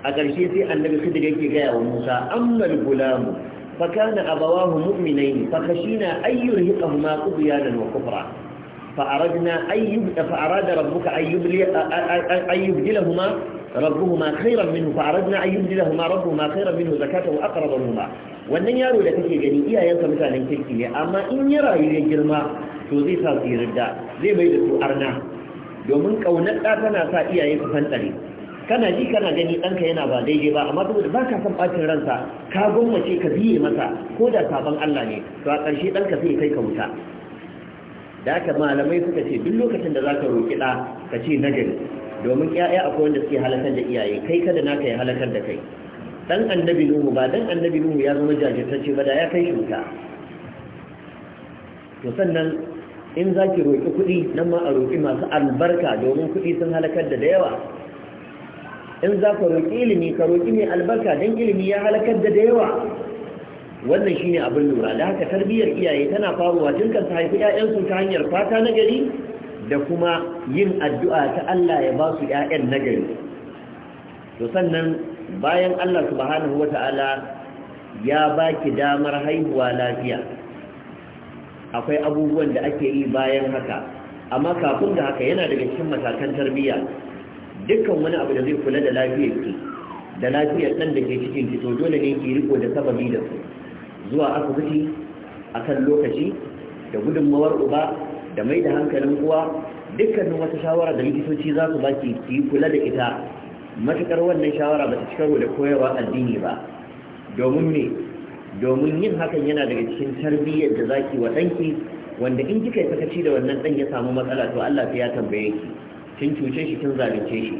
a ƙarshe sai annabi su da yake gaya wa musa ammal gulamu fa kana abawahu mu'minaini fa khashina ay yurhiqahuma qudyanan wa kufra fa aradna ay yubda fa arada rabbuka ay yubli ay yubdilahuma rabbuhuma khayran minhu fa aradna ay yubdilahuma rabbuhuma khayran minhu zakatan wa aqraba huma wannan yaro da kake gani iyayensa mutanen kirki ne amma in ya rayu ya girma to zai sa su yarda zai bai da su arna domin kaunar ɗa tana sa iyaye su fantsare kana ji kana gani ɗanka yana ba daidai ba amma saboda ba ka san ɓacin ransa ka gwammace ka biye masa ko da sabon Allah ne to a ƙarshe ɗanka sai kai ka wuta da aka malamai suka ce duk lokacin da za ka roƙi ɗa ka ce nagari domin 'ya'ya akwai wanda suke halakar da iyaye kai kada naka ya halakar da kai dan annabi nuhu ba dan annabi nuhu ya zama jajirtacce ba da ya kai shi wuta to sannan in za ki roƙi kuɗi nan ma a roƙi masu albarka domin kuɗi sun halakar da da yawa in za ka roƙi ilimi ka roƙi mai albarka don ilimi ya halakar da da yawa wannan shi ne abin lura da haka tarbiyyar iyaye tana faruwa tun kan su haifi 'ya'yansu ta hanyar fata na gari da kuma yin addu'a ta Allah ya ba su 'ya'yan na gari to sannan bayan Allah subhanahu wata'ala ya baki damar haihuwa lafiya akwai abubuwan da ake yi bayan haka amma kafin da haka yana daga cikin matakan tarbiyya dukkan wani abu da zai kula da lafiyar ki da lafiyar ɗan da ke cikin ki to dole ne ki riko da sababi da su zuwa asibiti akan lokaci da gudunmawar uba da mai da hankalin kuwa dukkanin wata shawara da likitoci za su baki ki kula da ita matukar wannan shawara ba ta ci da koyarwa addini ba domin ne domin yin hakan yana daga cikin tarbiyyar da zaki wa danki wanda in kika yi sakaci da wannan dan ya samu matsala to Allah ya tambaye ki kin cuce shi tun zalunce shi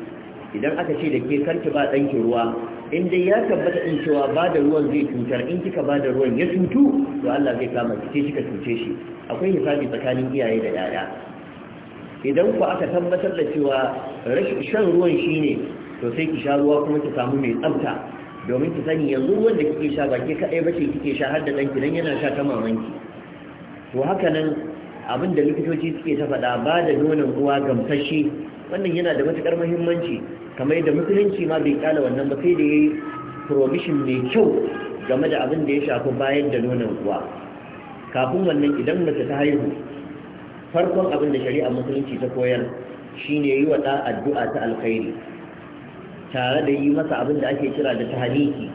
idan aka ce da ke karki ba ɗanki ruwa in dai ya tabbata in cewa ba da ruwan zai cutar in kika ba da ruwan ya cutu to Allah zai kama ki kika cuce shi akwai hisabi tsakanin iyaye da yaya idan ku aka tabbatar da cewa rashin shan ruwan shine to sai ki sha ruwa kuma ki samu mai tsafta domin ki sani yanzu ruwan da kike sha ba ke ba ce kike sha har da danki dan yana sha ta mamanki to haka nan abin da likitoci suke ta faɗa ba da nonon uwa gamsashi wannan yana da matuƙar muhimmanci kamar yadda musulunci ma bai kyala wannan ba sai da ya yi promishin mai kyau game da abin da ya shafi bayan da nonon uwa kafin wannan idan mace ta haihu farkon abin da shari'a musulunci ta koyar shine yi wa ɗa addu'a ta alkhairi tare da yi masa abin da ake kira da tahaniki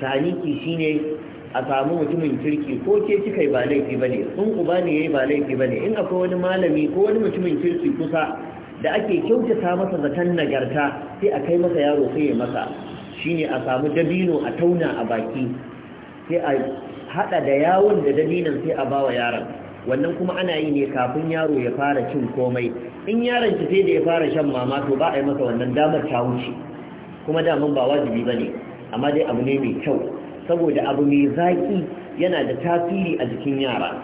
tahaniki shine a samu mutumin kirki ko ke kika yi ba laifi bane sun uba ne yayi ba laifi bane in akwai wani malami ko wani mutumin kirki kusa da ake kyautata masa zaton nagarta sai a kai masa yaro sai ya masa shine a samu dabino a tauna a baki sai a hada da yawon da dabinan sai a bawa yaron wannan kuma ana yi ne kafin yaro ya fara cin komai in yaron ki sai da ya fara shan mama to ba a yi masa wannan damar ta wuce kuma damar ba wajibi bane amma dai abu ne mai kyau saboda abu mai zaki yana da tasiri a jikin yara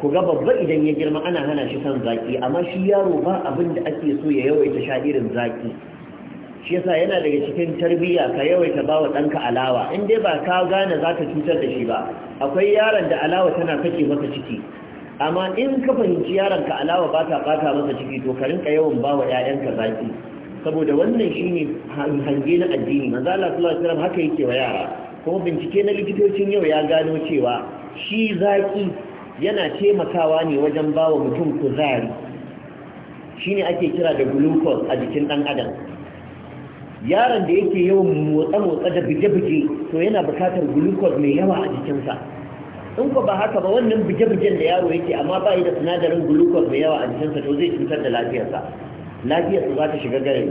ku ga babba idan ya girma ana hana shi son zaki amma shi yaro ba abin da ake so ya yawaita sha irin zaki shi yasa yana daga cikin tarbiyya ka yawaita bawa ɗanka alawa in dai ba ka gane za ka cutar da shi ba akwai yaron da alawa tana kake maka ciki amma in ka fahimci yaran ka alawa ba ta bata maka ciki to ka rinka yawan wa ƴaƴanka zaki saboda wannan shine hange na addini manzo Allah sallallahu alaihi wasallam haka yake wa yara kuma bincike na likitocin yau ya gano cewa shi zaki yana taimakawa ne wajen ba wa mutum kuzari shi ne ake kira da glucose a jikin ɗan adam yaron da yake yawan motsa-motsa da bije-bije to yana bukatar glucose mai yawa a jikinsa in ko ba haka ba wannan bije-bijen da yaro yake amma ba yi da sinadarin glucose mai yawa a jikinsa to zai cutar da lafiyarsa lafiyarsa za ta shiga gare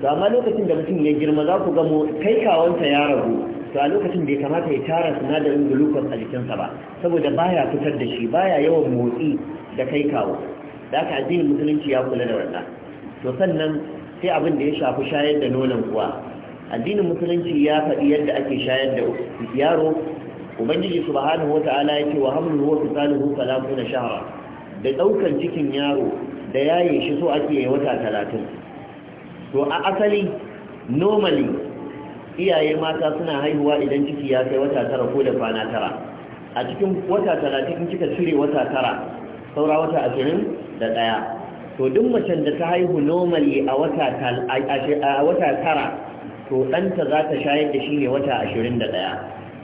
to amma lokacin da mutum ya girma za ku ga kai ya ragu to a lokacin bai kamata ya tara sinadarin glucose a jikinsa ba saboda baya fitar da shi baya yawan motsi da kai kawo da aka addinin musulunci ya kula da wannan to sannan sai abin da ya shafi shayar da nonon kuwa addinin musulunci ya faɗi yadda ake shayar da yaro ubangiji subhanahu wata'ala ya ce wa hamlu wa fisaluhu na shahara. da daukan cikin yaro da yaye shi so ake yi wata talatin to a asali normally iyaye mata suna haihuwa idan ciki ya kai wata tara ko da kwana tara a cikin wata talatin kika cire wata tara saura wata ashirin da ɗaya to duk macen da ta haihu normally a wata tara to ɗanta za ta shayar da shi ne wata ashirin da ɗaya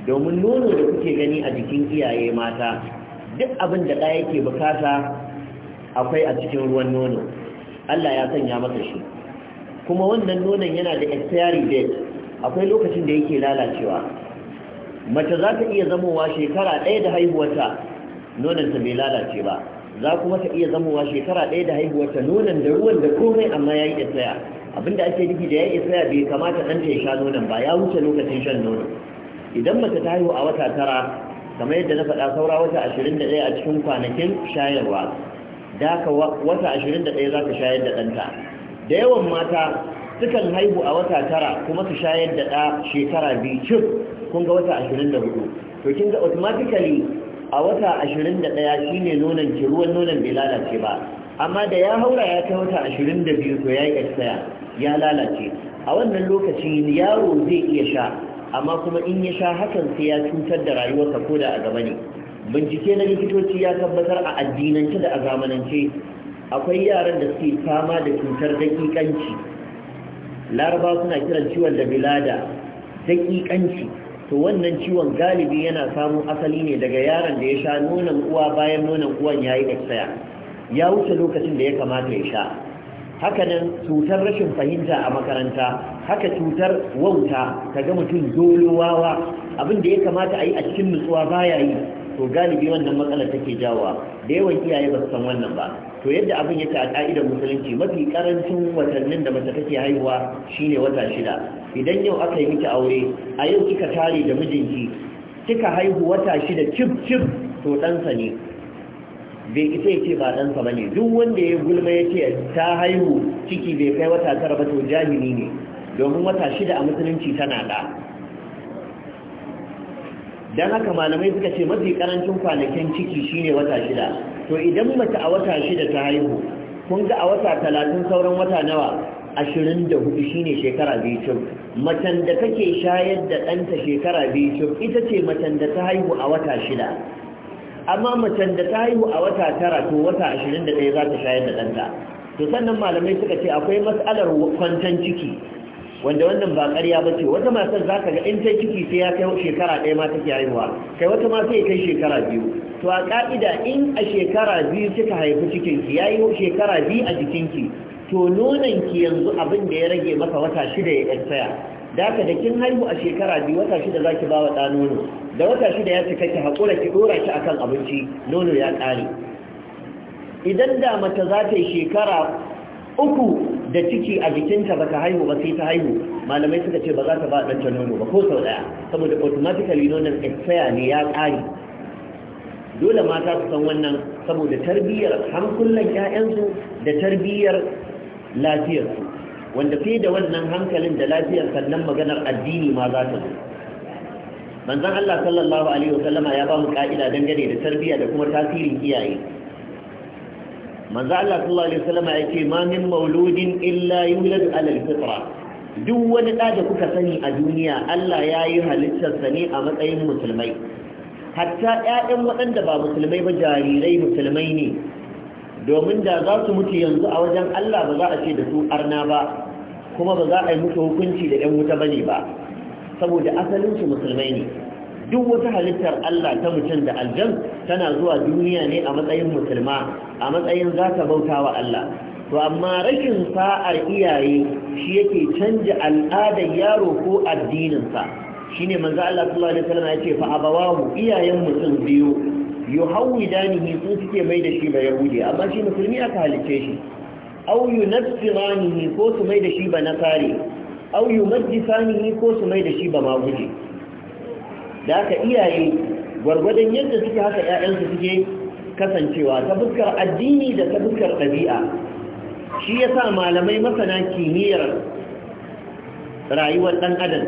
domin nono da kuke gani a jikin iyaye mata duk abin da ɗaya ke bukata akwai a cikin ruwan nono Allah ya sanya masa shi kuma wannan nonon yana da expiry date akwai lokacin da yake lalacewa mace za ta iya zamowa shekara ɗaya da haihuwarta nonanta bai lalace ba za kuma ta iya zamowa shekara ɗaya da haihuwarta nonan da ruwan da komai amma ya yi tsaya abinda ake nufi da ya yi tsaya bai kamata ɗan ta ya sha nonon ba ya wuce lokacin shan nono idan mace ta haihu a wata tara kamar yadda na faɗa saura wata ashirin da ɗaya a cikin kwanakin shayarwa da ka wata ashirin da ɗaya za ka shayar da ɗanta da yawan mata sukan haihu a wata tara kuma su shayar da ɗa shekara biyu cif kun ga wata ashirin da hudu to kin ga automatically a wata ashirin da ɗaya shine nonon ki ruwan nonon bai lalace ba amma da ya haura ya kai wata ashirin da biyu to ya yi ƙasaya ya lalace a wannan lokaci yaro zai iya sha amma kuma in ya sha hakan sai ya cutar da rayuwarsa ko da a gaba ne bincike na likitoci ya tabbatar a addinance da a zamanance akwai yaran da suke fama da cutar dakikanci laraba suna kiran ciwon da bilada daƙiƙanci to wannan ciwon galibi yana samun asali ne daga yaron da ya sha nonon uwa bayan nonon uwan ya yi ɗaksaya ya wuce lokacin da ya kamata ya sha Haka nan, cutar rashin fahimta a makaranta haka cutar wauta ta ga mutum zolo wawa abin da ya kamata a yi a cikin nutsuwa baya yi to galibi wannan matsala take jawa da yawan iyaye ba su san wannan ba to yadda abin yake a ka'idar musulunci mafi karancin watannin da mace take haihuwa shine wata shida idan yau aka yi miki aure a yau kika tare da mijinki kika haihu wata shida cif cif to ɗansa ne bai isa ya ce ba ɗansa ba ne duk wanda ya gulma ya ce ta haihu ciki bai kai wata tara ba to jahili ne domin wata shida a musulunci tana da don haka malamai suka ce mafi karancin kwanakin ciki shine wata shida to idan mace a wata shida ta haihu kun ga a wata talatin sauran wata nawa ashirin da hudu shine shekara biyu cin macen da kake shayar da ɗanta shekara biyu cin ita ce macen da ta haihu a wata shida amma macen da ta haihu a wata tara to wata ashirin da ɗaya za ta shayar da ɗanta to sannan malamai suka ce akwai matsalar kwantan ciki wanda wannan ba ƙarya ba ce wata matar za ka ga in ta ciki sai ya kai shekara ɗaya ma take haihuwa kai wata ma sai kai shekara biyu to a ƙa'ida in a shekara biyu kika haifi cikinki ya yi shekara biyu a jikinki to nonanki yanzu abin da ya rage maka wata shida ya tsaya daka da kin haihu a shekara biyu wata shida za ki ba wa ɗan nono da wata shida ya cika ki haƙura ki ɗora ki akan abinci nono ya ƙare idan da mata za ta yi shekara uku da ciki a jikinta ba ta haihu ba sai ta haihu malamai suka ce ba za ta ba ɗanta nono ba ko sau ɗaya saboda automatically nonon expire ne ya kare dole mata su san wannan saboda tarbiyyar hankulan 'ya'yansu da tarbiyyar lafiyarsu wanda fiye da wannan hankalin da lafiyar sannan maganar addini ma za ta zo manzon Allah sallallahu alaihi wasallama ya ba mu ka'ida dangane da tarbiyya da kuma tasirin iyaye manzo Allah sallallahu alaihi wasallam yake ma min mauludin illa yulad ala alfitra duk wani da da kuka sani a duniya Allah yayi halittar sa ne a matsayin musulmai hatta ƴaƴan waɗanda ba musulmai ba jarirai musulmai ne domin da za su mutu yanzu a wajen Allah ba za a ce da su arna ba kuma ba za a yi musu hukunci da 'yan wuta bane ba saboda asalin su musulmai ne duk wata halittar Allah ta mutum da aljan tana zuwa duniya ne a matsayin musulma a matsayin za ta bauta wa Allah to amma rashin sa'ar iyaye shi yake canja al'adar yaro ko addininsa ne manzo Allah sallallahu alaihi wasallam ce fa abawahu iyayen mutum biyu yuhawidanihi su suke mai da shi ba yahudi amma shi musulmi aka halice shi aw yunassiranihi ko su mai da shi ba nasari aw yumajjisanihi ko su mai da shi ba maguji da aka iyaye gwargwadon yadda suke haka ‘ya'yansu suke kasancewa ta fuskar addini da ta fuskar ɗabi'a shi ya sa malamai masana kimiyyar rayuwar ɗan adam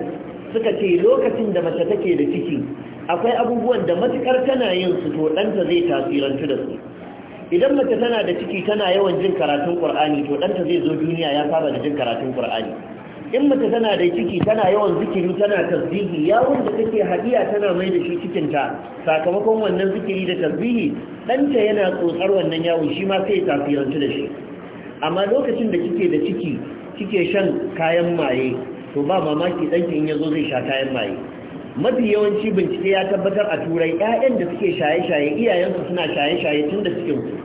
suka ce lokacin da mace take da ciki akwai abubuwan da matukar tana yin su to ɗanta zai tasirantu da su idan mace tana da ciki tana yawan jin karatun ƙur'ani to ɗanta zai zo duniya ya saba da jin karatun ƙur'ani in mace tana da ciki tana yawan zikiri tana tasbihi yawon da take hadiya tana mai da shi cikinta sakamakon wannan zikiri da tasbihi ɗanta yana tsotsar wannan yawon shi ma sai tafiyantu da shi amma lokacin da kike da ciki kike shan kayan maye to ba mamaki ɗanki in yazo zai sha kayan maye mafi yawanci bincike ya tabbatar a turai 'ya'yan da suke shaye-shaye iyayensu suna shaye-shaye tun da cikin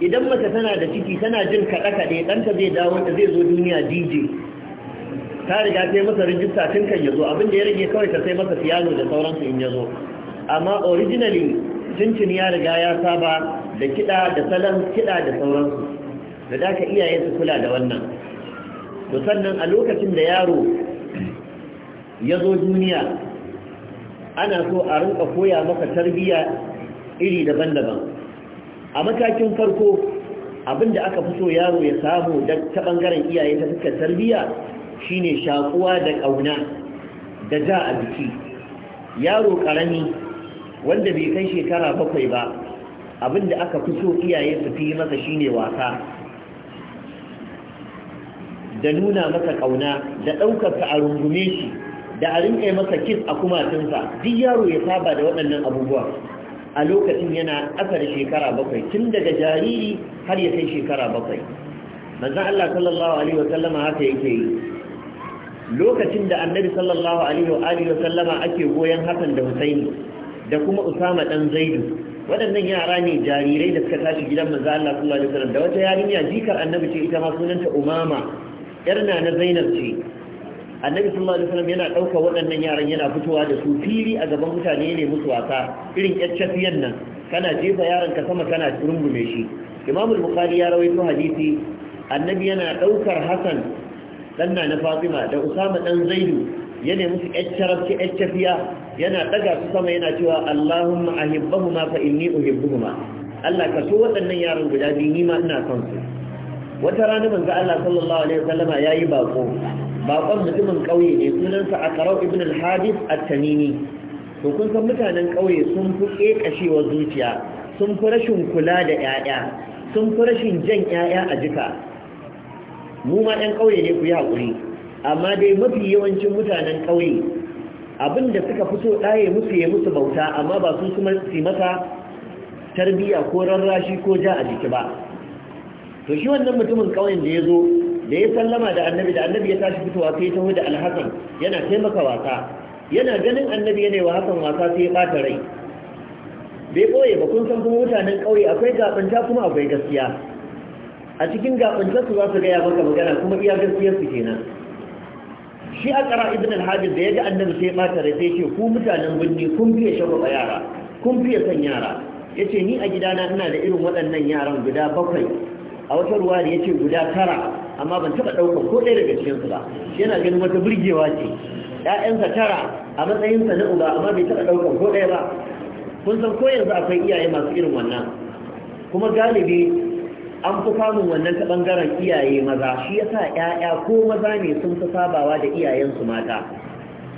idan mace tana da ciki tana jin kaɗe-kaɗe ɗanta zai dawo da zai zo duniya dj ta riga sai masa rijista tun kan ya zo abin da ya rage kawai ta sai masa fiyano da sauransu in yazo. zo amma originally tuntun ya riga ya saba da kiɗa da salon kiɗa da sauransu da da iyaye su kula da wannan to sannan a lokacin da yaro ya zo duniya ana so a rinka koya maka tarbiyya iri daban-daban a matakin farko abin da aka fito yaro ya samu da ta bangaren iyaye ta fuskar tarbiyya shine shakuwa da kauna da ja a jiki yaro karami wanda bai kai shekara bakwai ba abin da aka fito iyaye su fi masa shine wasa da nuna masa kauna da ɗaukar a rungume shi da a rinƙai masa kis a kumatinsa duk yaro ya saba da waɗannan abubuwa a lokacin yana ƙasar shekara bakwai tun daga jariri har ya kai shekara bakwai manzan Allah sallallahu alaihi wasallama haka yake yi lokacin da annabi sallallahu alaihi wasallama ake goyon hakan da husaini da kuma usama Ɗan zaidu waɗannan yara ne jarirai da suka tashi gidan manzan Allah sallallahu alaihi wasallam da wata yarinya jikar annabi ce ita ma sunanta umama yar na zainab ce annabi sallallahu alaihi wasallam yana ɗauka waɗannan yaran yana fitowa da su fili a gaban mutane ne musu wasa irin yaccafiyan nan kana jefa yaron ka sama kana rungume shi imamu bukhari ya rawaito hadisi annabi yana ɗaukar hasan danna na fatima da usama dan zaidu ya nemi su yaccarafci yaccafiya yana ɗaga su sama yana cewa allahumma ahibbahuma fa inni uhibbuhuma Allah ka so waɗannan yaran guda biyu ni ma ina son su wata rana manzo Allah sallallahu alaihi wasallama yayi bako baƙon mutumin ƙauye ne sunansa a karau ibn al-hadis a Tanini. to kun san mutanen ƙauye sun fi ƙeƙashewa zuciya sun fi rashin kula da 'ya'ya sun fi rashin jan 'ya'ya a jika mu ma 'yan ƙauye ne ku yi haƙuri amma dai mafi yawancin mutanen ƙauye abin da suka fito ɗaye musu ya musu bauta amma ba su kuma yi masa tarbiyya ko rarrashi ko ja a jiki ba to shi wannan mutumin ƙauyen da ya zo da ya sallama da annabi da annabi ya tashi fitowa sai taho da alhassan yana taimaka wasa yana ganin annabi yana wa hasan wasa sai ya bata rai bai boye ba kun san kuma mutanen ƙauye akwai gabanta kuma akwai gaskiya a cikin gabanta su za su gaya maka magana kuma iya gaskiyar su kenan shi a ƙara ibn al da ya ga annabi sai ya bata rai sai ce ku mutanen birni kun fiye shagwaba yara kun fiye son yara ya ni a gidana ina da irin waɗannan yaran guda bakwai a wata ruwa da ya guda tara amma ban taɓa ɗaukar ko ɗaya daga cikinsu ba yana ganin wata burgewa ce ‘ya'yansa tara a matsayinsa na uba amma bai taɓa ɗaukar ko ɗaya ba kun san ko yanzu akwai iyaye masu irin wannan kuma galibi an fi samun wannan ta ɓangaren iyaye maza shi yasa ‘ya'ya ko maza ne sun fi sabawa da iyayensu mata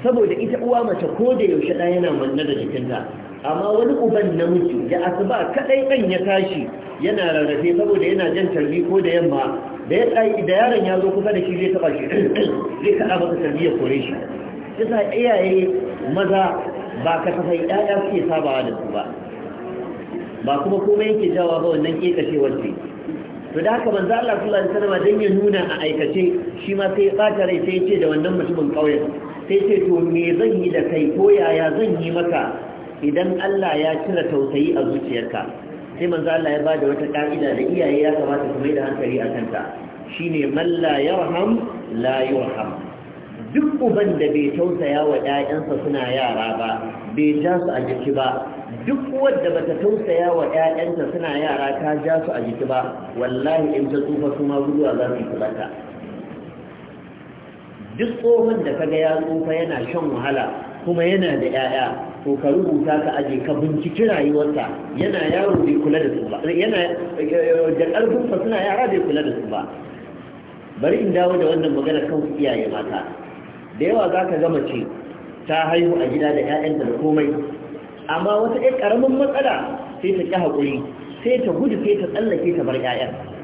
saboda ita uwa mace ko da yaushe ɗaya yana manne da jikinta amma wani uban namiji da asuba kaɗai ɗan ya tashi yana rarrafe saboda yana jan tarbi ko da yamma da ya tsayi da yaron ya zo kusa da shi zai taba shi zai kaɗa masa tarbiyyar kore shi yasa iyaye maza ba ka tafai ƴaƴa suke sabawa da su ba ba kuma komai yake jawa ba wannan kekacewar ce to da haka banza Allah sallallahu alaihi wasallam dan ya nuna a aikace shi ma sai ya bata rai sai ya ce da wannan mutumin kauyen sai ce to me zan yi da kai ko yaya zan yi maka idan Allah ya cire tausayi a zuciyarka sai manzo Allah ya bada wata ka'ida da iyaye ya kamata su mai da hankali a kanta shine man la yarham la yurham duk uban da bai tausaya wa ƴaƴansa suna yara ba bai ja su a jiki ba duk wanda bata tausaya wa ƴaƴanta suna yara ta ja su a jiki ba wallahi in ta tsufa su ma guduwa za su kulata duk tsohon da kaga ya tsufa yana shan wahala kuma yana da 'ya'ya' to ka rubuta ka aje ka binciki rayuwarsa yana yaro bai kula da su ba yana da karfin suna yara bai kula da su ba bari in dawo da wannan magana kan iyaye mata da yawa za ka gama ce ta haihu a gida da 'ya'yanta da komai amma wata ɗaya karamin matsala sai ta ki haƙuri sai ta gudu sai ta tsallake ta bar 'ya'yan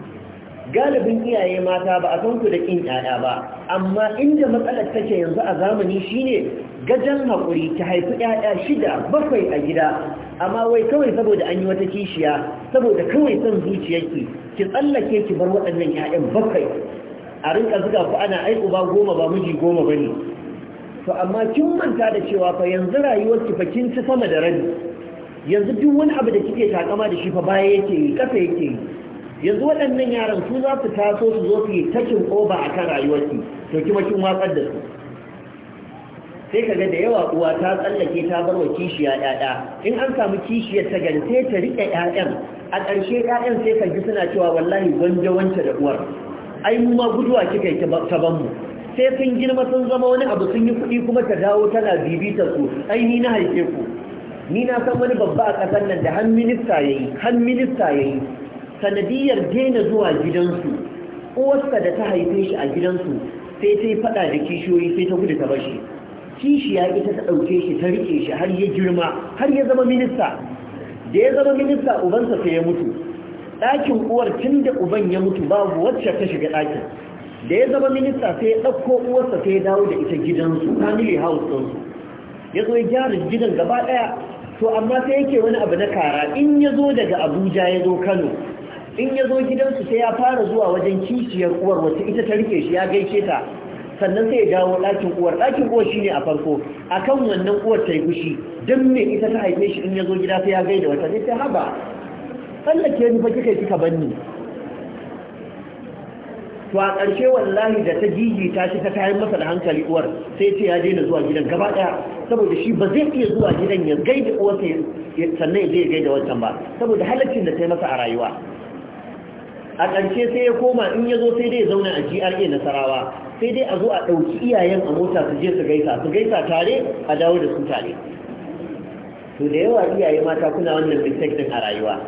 galibin iyaye mata ba a san su da kin yaya ba amma inda matsalar take yanzu a zamani shine gajan hakuri ta haifi yaya shida bakwai a gida amma wai kawai saboda an yi wata kishiya saboda kawai son zuciyarki ki tsallake ki bar waɗannan yayan bakwai a rinka zuga ku ana ai uba goma ba miji goma bane to amma kin manta da cewa fa yanzu rayuwar ki fa kin ci sama da rani. yanzu duk wani abu da kike takama da shi fa baya yake yi kasa yake yi yanzu waɗannan yaran su za su taso su zo su yi takin oba a kan rayuwarki to kima kin watsar da su sai ka ga da yawa uwa ta tsallake ta bar wa kishiya ɗaɗa in an samu kishiyar ta gari sai ta riƙe ƴaƴan a ƙarshe ƴaƴan sai ka ji suna cewa wallahi gwanje wance da uwar ai mu ma guduwa kika yi ta ban mu sai sun girma sun zama wani abu sun yi kuɗi kuma ta dawo tana bibitar ku ai ni na haife ku ni na san wani babba a ƙasar nan da har minista yayi har minista yayi sanadiyar daina zuwa gidansu uwarsa da ta haife shi a gidansu sai ta yi fada da kishiyoyi sai ta gudu ta bashi kishiya ita ta ɗauke shi ta rike shi har ya girma har ya zama minista da ya zama minista ubansa sai ya mutu ɗakin uwar tun da uban ya mutu babu wacce ta shiga ɗakin da ya zama minista sai ya ɗauko uwarsa sai ya dawo da ita gidansu family house su ya zo ya gyara gidan gaba ɗaya to amma sai yake wani abu na kara in ya zo daga abuja ya zo kano in ya zo gidansu sai ya fara zuwa wajen kiciyar uwar wacce ita ta rike shi ya gaishe ta sannan sai ya dawo ɗakin uwar ɗakin uwar shine a farko akan wannan uwar ta yi fushi don me ita ta haife shi in ya zo gida sai ya gaida wata sai ta haba tsallake ni fa kika kika banni to a ƙarshe wallahi da ta jiji ta shi ta kayan masa da hankali uwar sai ce ya daina zuwa gidan gaba ɗaya saboda shi ba zai iya zuwa gidan ya gaida uwarsa sannan ya je ya gaida wancan ba saboda halaccin da ta yi masa a rayuwa a ƙarshe sai ya koma in ya zo sai dai zauna a GRA Nasarawa sai dai a zo a ɗauki iyayen a mota su je su gaisa su gaisa tare a dawo da su tare to da yawa iyaye mata kuna wannan mistake din a rayuwa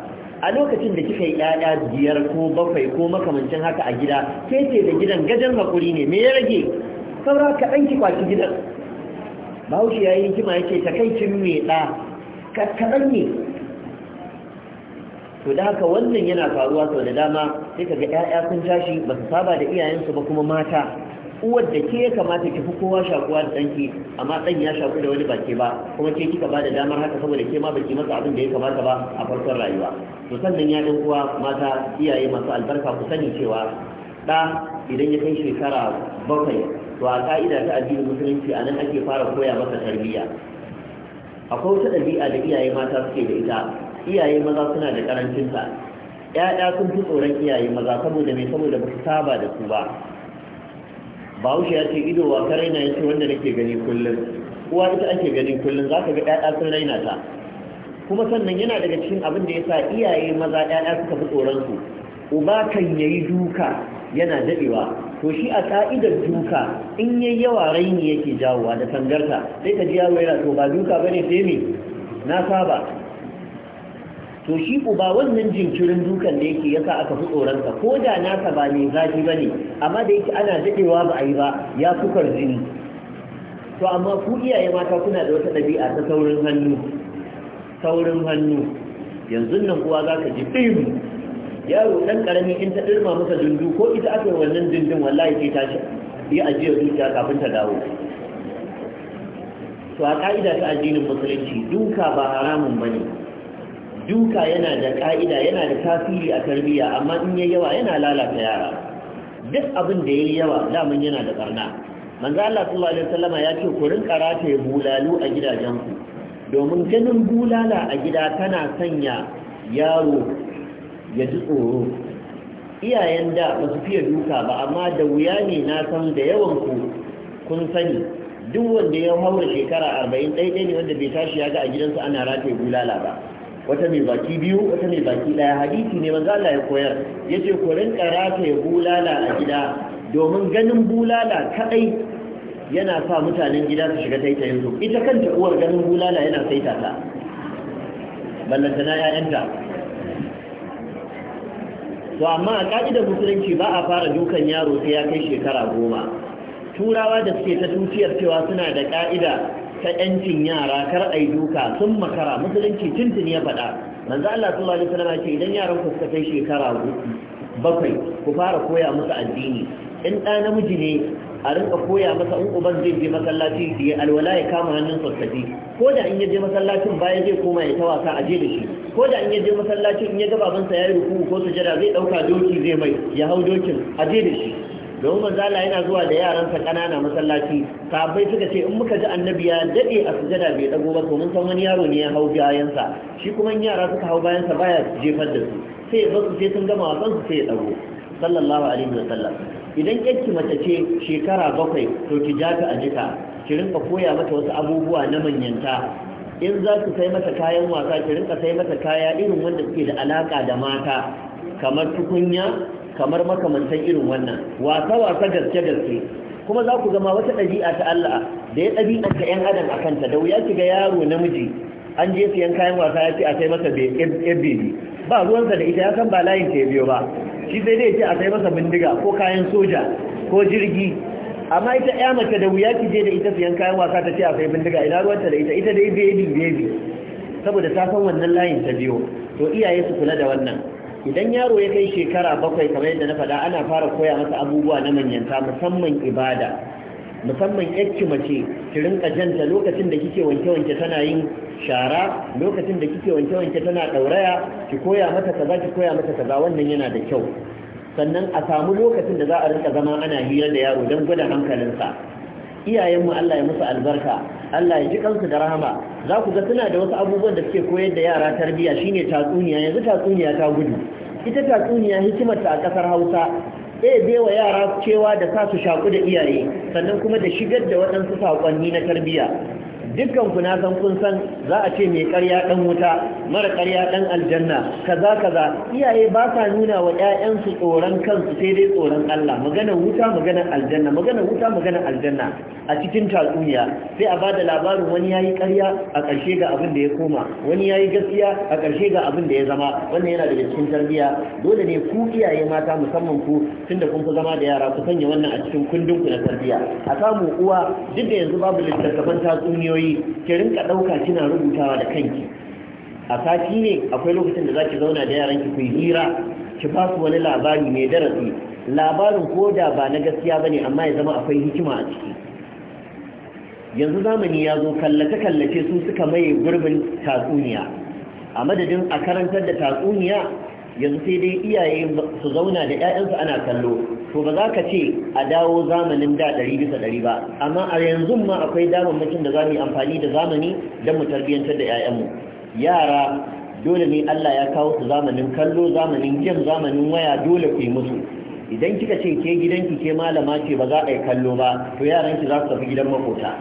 a lokacin da kika yi ƴaƴa biyar ko bakwai ko makamancin haka a gida sai da gidan gajan hakuri ne me ya rage saura kaɗan ki kwaki gidan bahaushe ya yi hikima ya ce takaicin me ɗa kaɗan ne to da haka wannan yana faruwa sau da dama sai ka ga 'ya'ya sun tashi ba su saba da iyayensu ba kuma mata uwar da ke ya kamata ki fi kowa shakuwa da danki amma dan ya shaku da wani baki ba kuma ke kika ba da damar haka saboda ke ma baki masa abin da ya kamata ba a farkon rayuwa to sannan ya dan kuwa mata iyaye masu albarka ku sani cewa da idan ya kai shekara bakwai to a ka'ida ta addinin musulunci a nan ake fara koya masa tarbiyya akwai wata ɗabi'a da iyaye mata suke da ita iyaye maza suna da karancin Ya'ya ƴaƴa sun fi tsoron iyaye maza saboda mai saboda ba su saba da su ba bahaushe ya ce ido wa karaina ce wanda nake gani kullum uwa ita ake gani kullum za ka ga ƴaƴa sun raina ta kuma sannan yana daga cikin abin da ya sa iyaye maza ƴaƴa suka fi tsoron su uba kan yayi duka yana daɗewa. to shi a ka'idar duka in yayi yawa raini yake jawowa da tangarta sai ka ji yaro yana to ba duka bane sai me na saba to shi uba wannan jinkirin dukan da yake yasa aka fi tsoronsa ko da nasa ba mai zafi ba ne amma da yake ana daɗewa ba a yi ba ya fi jini to amma ku iyaye mata kuna da wata ɗabi'a ta saurin hannu saurin hannu yanzu nan uwa za ka ji ɗin yaro ɗan ƙarami in ta ɗirma masa dundu ko ita aka yi wannan dundun wallahi sai ta yi ajiyar zuciya kafin ta dawo to a ƙa'ida ta addinin musulunci duka ba haramun ba ne duka yana da ka'ida yana da tasiri a tarbiyya amma in yayi yawa yana lalata yara duk abin da yayi yawa daman yana da barna manzo Allah sallallahu alaihi wasallam ya ce ku rinka rataye bulalu a gidajenku domin ganin bulala a gida tana sanya yaro ya ji tsoro iyayen da ba su fiye duka ba amma da wuya ne na san da yawan ku kun sani duk wanda ya haura shekara arba'in ɗaiɗai ne wanda bai tashi ya ga a gidansa ana rataye bulala ba wata mai baki biyu wata mai baki daya hadisi ne manzo Allah ya koyar yace ku rinka ya bulala a gida domin ganin bulala kadai yana sa mutanen gida su shiga taitayin su ita kanta uwar ganin bulala yana saita ta ballanta na 'ya'yanta. to amma a ka'idar musulunci ba a fara dukan yaro sai ya kai shekara goma turawa da suke ta tuciyar cewa suna da ka'ida ta yancin yara kar ai duka sun makara musulunci tuntun ya faɗa manzo Allah sallallahu alaihi wasallam ce idan yaran ku suka kai shekara bakwai ku fara koya musu addini in ɗa namiji ne a rinka koya masa in uban zai je masallaci ya alwala ya kama hannun sassafi ko da in ya je masallacin baya zai koma ya tawasa a je da shi ko da in ya je masallacin in ya ga babansa ya yi ruku ko sujada zai ɗauka doki zai mai ya hau dokin a je da shi domin manzo yana zuwa da yaransa kanana masallaci sabai suka ce in muka ji annabi ya dade a sujada bai dago ba to mun san wani yaro ne ya hau bayansa shi kuma in yara suka hau bayansa baya jefar da su sai ya basu sai sun gama wasan su sai ya dago sallallahu alaihi wa sallam idan yanki mace ce shekara bakwai to ki ja ta a jika ki rinka koya mata wasu abubuwa na manyanta in za su sai mata kayan wasa ki rinka sai mata kaya irin wanda suke da alaka da mata kamar tukunya kamar makamantan irin wannan wasa wasa gaske gaske kuma za ku gama wata ɗabi'a ta Allah da ya ɗabi'anta 'yan adam a kanta da wuya ga yaro namiji an je siyan kayan wasa ya ce a sai masa ebili ba ruwansa da ita ya san ba layin ta biyo ba shi sai dai ce a sai masa bindiga ko kayan soja ko jirgi amma ita ya mace da wuya ki je da ita siyan kayan wasa ta ce a sai bindiga ina ruwanta da ita ita dai baby baby saboda ta san wannan layin ta biyo to iyaye su kula da wannan idan yaro ya kai shekara bakwai kamar yadda na faɗa ana fara koya masa abubuwa na manyanta musamman ibada musamman yacci mace ki rinka janta lokacin da kike wanke-wanke tana yin shara lokacin da kike wanke-wanke tana ɗauraya ki koya mata kaza ki koya mata kaza wannan yana da kyau sannan a samu lokacin da za a rinka zama ana hira da yaro don gwada hankalinsa iyayenmu Allah ya musu albarka Allah ya ji kansu da rahama za ku ga suna da wasu abubuwan da suke koyar da yara tarbiyya shine tatsuniya yanzu tatsuniya ta gudu ita tatsuniya hikimarta a kasar hausa eh baiwa yara cewa da sa su shaƙu da iyaye sannan kuma da shigar da waɗansu saƙonni na tarbiyya dukkan ku na san kun san za a ce mai ƙarya ɗan wuta mara ƙarya ɗan aljanna kaza kaza iyaye ba sa nuna wa 'ya'yansu tsoron kansu sai dai tsoron Allah magana wuta magana aljanna magana wuta magana aljanna a cikin tatsuniya sai a ba da labarin wani yayi ƙarya a ƙarshe ga abin da ya koma wani yayi gaskiya a ƙarshe ga abin da ya zama wannan yana daga cikin tarbiyya dole ne ku iyaye mata musamman ku tunda kun fi zama da yara ku sanya wannan a cikin kundin ku na tarbiyya a samu uwa duk da yanzu babu littattafan tatsuniyoyi yi ki rinka ɗauka kina rubutawa da kanki a sati ne akwai lokacin da za ki zauna da yaran ki kuyi hira ki ba su wani labari mai darasi labarin ko da ba na gaskiya ba ne amma ya zama akwai hikima a ciki yanzu zamani ya zo kallace-kallace su suka maye gurbin tatsuniya a madadin a karantar da tatsuniya yanzu sai dai iyaye su zauna da ƴaƴansu ana kallo to ba za ka ce a dawo zamanin da ɗari bisa ɗari ba amma a yanzu ma akwai damammakin da za mu yi amfani da zamani don mu tarbiyyantar da ƴaƴanmu yara dole ne Allah ya kawo su zamanin kallo zamanin jin zamanin waya dole ku yi musu idan kika ce ke gidanki ke malama ce ba za a yi kallo ba to yaranki za su tafi gidan makota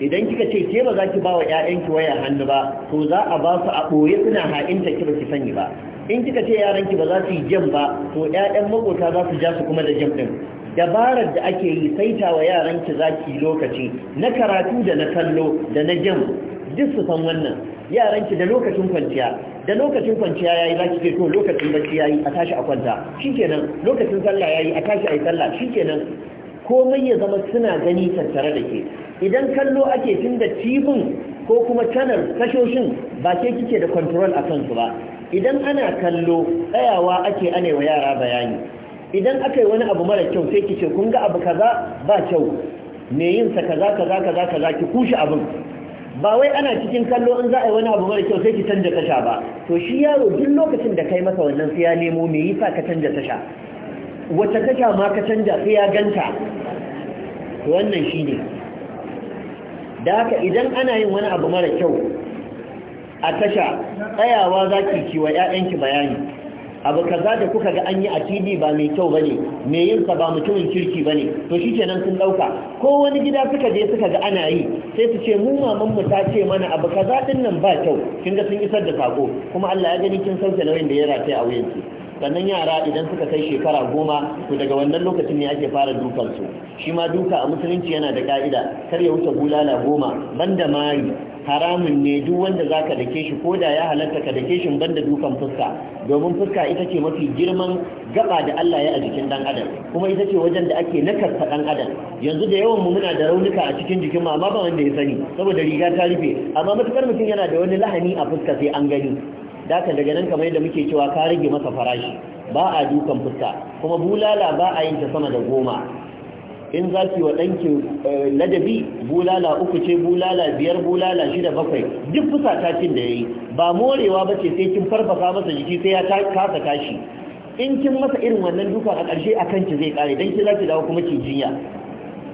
idan kika ce ke ba za ki ba wa 'ya'yanki waya hannu ba to za a ba su a ɓoye suna ha'inta ki ba ki sani ba in kika ce yaranki ba za su yi jam ba to ƴaƴan makota za su ja su kuma da jam ɗin dabarar da ake yi saita wa yaranki za ki lokaci na karatu da na kallo da na jam duk su san wannan yaranki da lokacin kwanciya da lokacin kwanciya yayi za ki ce to lokacin bacci yayi a tashi a kwanta shikenan lokacin sallah yayi a tashi a yi sallah shikenan komai ya zama suna gani tattare da ke idan kallo ake tun da tibin ko kuma canar tashoshin ba ke kike da control a kansu ba idan ana kallo tsayawa ake anewa yara bayani idan aka yi wani abu mara kyau sai ki ce kun ga abu kaza ba kyau me yin sa kaza kaza kaza kaza ki kushe abin ba wai ana cikin kallo in za a yi wani abu mara kyau sai ki canja tasha ba to shi yaro duk lokacin da kai masa wannan sai ya nemo me yasa ka canja tasha wata tasha ma ka canja sai ya ganta wannan shi ne da haka idan ana yin wani abu mara kyau a tasha tsayawa za ki kiwa 'ya'yanki bayani abu kaza da kuka ga an yi a tv ba mai kyau ba ne mai yinsa ba mutumin kirki ba ne to shi kenan sun ɗauka ko wani gida suka je suka ga ana yi sai su ce mu mamanmu ta ce mana abu kaza ɗin nan ba kyau kin ga sun isar da sako kuma allah ya gani kin sauke nauyin da ya rataya a wuyanki sannan yara idan suka kai shekara goma to daga wannan lokacin ne ake fara dukan su shi ma duka a musulunci yana da ka'ida kar ya wuce bulala goma banda mari haramun ne duk wanda za ka dake shi ko da ya halatta ka dake shi banda dukan fuska domin fuska ita ce mafi girman gaba da Allah ya a jikin dan adam kuma ita ce wajen da ake nakarta dan adam yanzu da yawan mu muna da raunuka a cikin jikin mu amma ba wanda ya sani saboda riga ta rufe amma matukar mutum yana da wani lahani a fuska sai an gani da daga nan kamar yadda muke cewa ka rage masa farashi ba a dukan fuska kuma bulala ba a yin ta sama da goma in za ki wa ɗanki eh, ladabi bulala uku ce bulala biyar bulala shida bakwai duk fusa cin da ya yi ba morewa ba ce sai kin farfasa masa jiki sai ya kasa tashi in kin masa irin wannan duka a ƙarshe a kanki zai ƙare don ki za ki dawo kuma ki jinya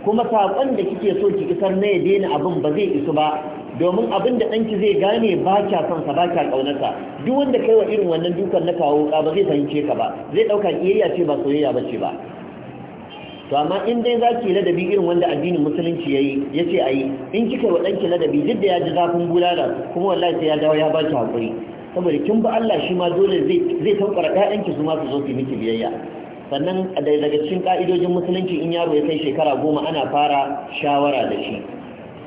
kuma saƙon da kike so ki isar na ya daina abin ba zai isu ba domin abin da ɗanki zai gane ba kya son ka ba kya ƙaunarsa duk wanda kai wa irin wannan dukan na kawo ka ba zai fahimce ka ba zai ɗauka ƙiyayya ce ba soyayya ba ce ba to amma in dai za ki ladabi irin wanda addinin musulunci ya yi ya ce a yi in kika wa ɗanki ladabi duk da ya ji zafin bulala kuma wallahi sai ya dawo ya ba ki haƙuri saboda kin ba Allah shi ma dole zai tankwara ɗayanki su ma su zo su miki biyayya sannan daga cikin ka'idojin musulunci in yaro ya kai shekara goma ana fara shawara da shi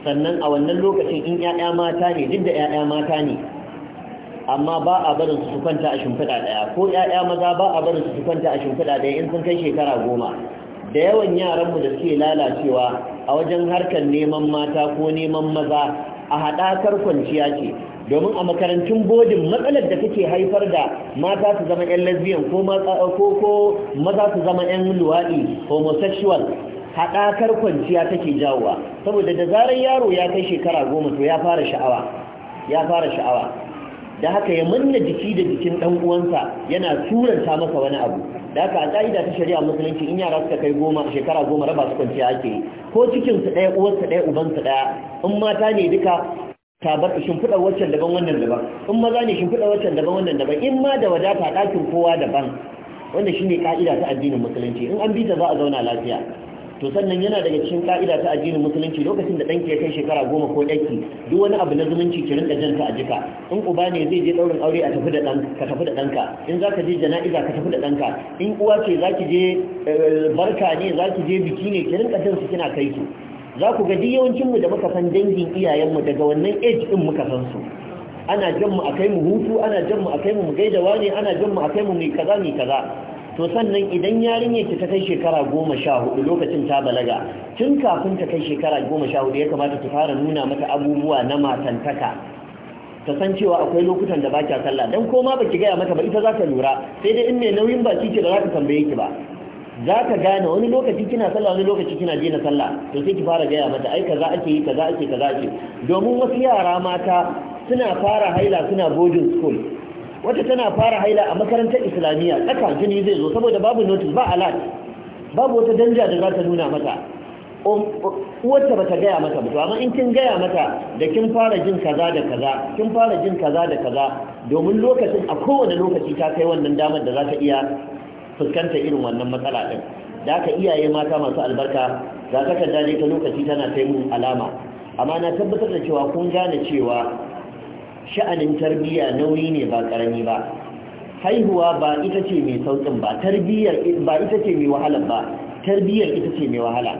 sannan a wannan lokacin in ƴaƴa mata ne duk da ƴaƴa mata ne amma ba a barin su kwanta a shimfiɗa ɗaya ko ƴaƴa maza ba a barin su kwanta a shimfiɗa ɗaya in sun kai shekara goma da yawan yaranmu da suke lalacewa a wajen harkar neman mata ko neman maza a haɗakar kwanciya ce domin a makarantun bodin matsalar da take haifar da mata su zama 'yan lesbian ko maza su zama 'yan luwaɗi homosexual haɗakar kwanciya take jawowa saboda da zarar yaro ya kai shekara goma to ya fara sha'awa ya fara sha'awa da haka ya manna jiki da jikin ɗan uwansa yana turanta masa wani abu da haka a ƙa'ida ta shari'a musulunci in yara suka kai goma shekara goma raba su kwanciya ake yi ko cikin su ɗaya uwarsa ɗaya ubansa ɗaya in mata ne duka tabar shimfiɗar waccan daban wannan daban in maza ne shimfiɗa waccan daban wannan daban in ma da wadata ɗakin kowa daban wanda shine ƙa'ida ta addinin musulunci in an bi ta za a zauna lafiya to sannan yana daga cikin ka'ida ta addinin musulunci lokacin da danki ya kai shekara goma ko ɗaki duk wani abu na zumunci ki rinka janta a jika in uba ne zai je daurin aure a tafi da dan ka tafi da ɗanka in zaka je jana'iza ka tafi da ɗanka in uwa ce zaki je eh, barka ne zaki je biki ne ki rinka jansu kina kai su za ku ga diyawancin mu da muka san dangin iyayenmu daga wannan age din muka san su ana jan mu akai mu hutu ana jan mu akai mu mu gaida wani ana jan mu akai mu mai kaza mai kaza to sannan idan yarinyar ki ta kai shekara goma sha hudu lokacin ta balaga tun kafin ta kai shekara goma sha hudu ya kamata ki fara nuna mata abubuwa na matantaka ta san cewa akwai lokutan da ba kya sallah don koma ma ki gaya mata ba ita za ta lura sai dai in mai nauyin baki ce da za ta tambaye ki ba za ka gane wani lokaci kina sallah wani lokaci kina daina sallah to sai ki fara gaya mata ai kaza ake yi kaza ake kaza ake domin wasu yara mata suna fara haila suna boarding school wata tana fara haila a makarantar islamiyya tsaka jini zai zo saboda babu notice ba alat babu wata danja da za ta nuna mata um, uwarta ba ta gaya mata ba amma in kin gaya mata da kin fara jin kaza da kaza kin fara jin kaza da kaza domin lokacin a kowane lokaci ta kai wannan damar da za ta iya fuskantar irin wannan matsala din da aka iyaye mata masu albarka za ta kaddare ta lokaci tana kai alama amma na tabbatar da cewa kun gane cewa sha'anin tarbiyya nauyi ne ba karami ba haihuwa ba ita ce mai sautin ba tarbiyyar ba ita ce mai wahala ba tarbiyyar ita ce mai wahala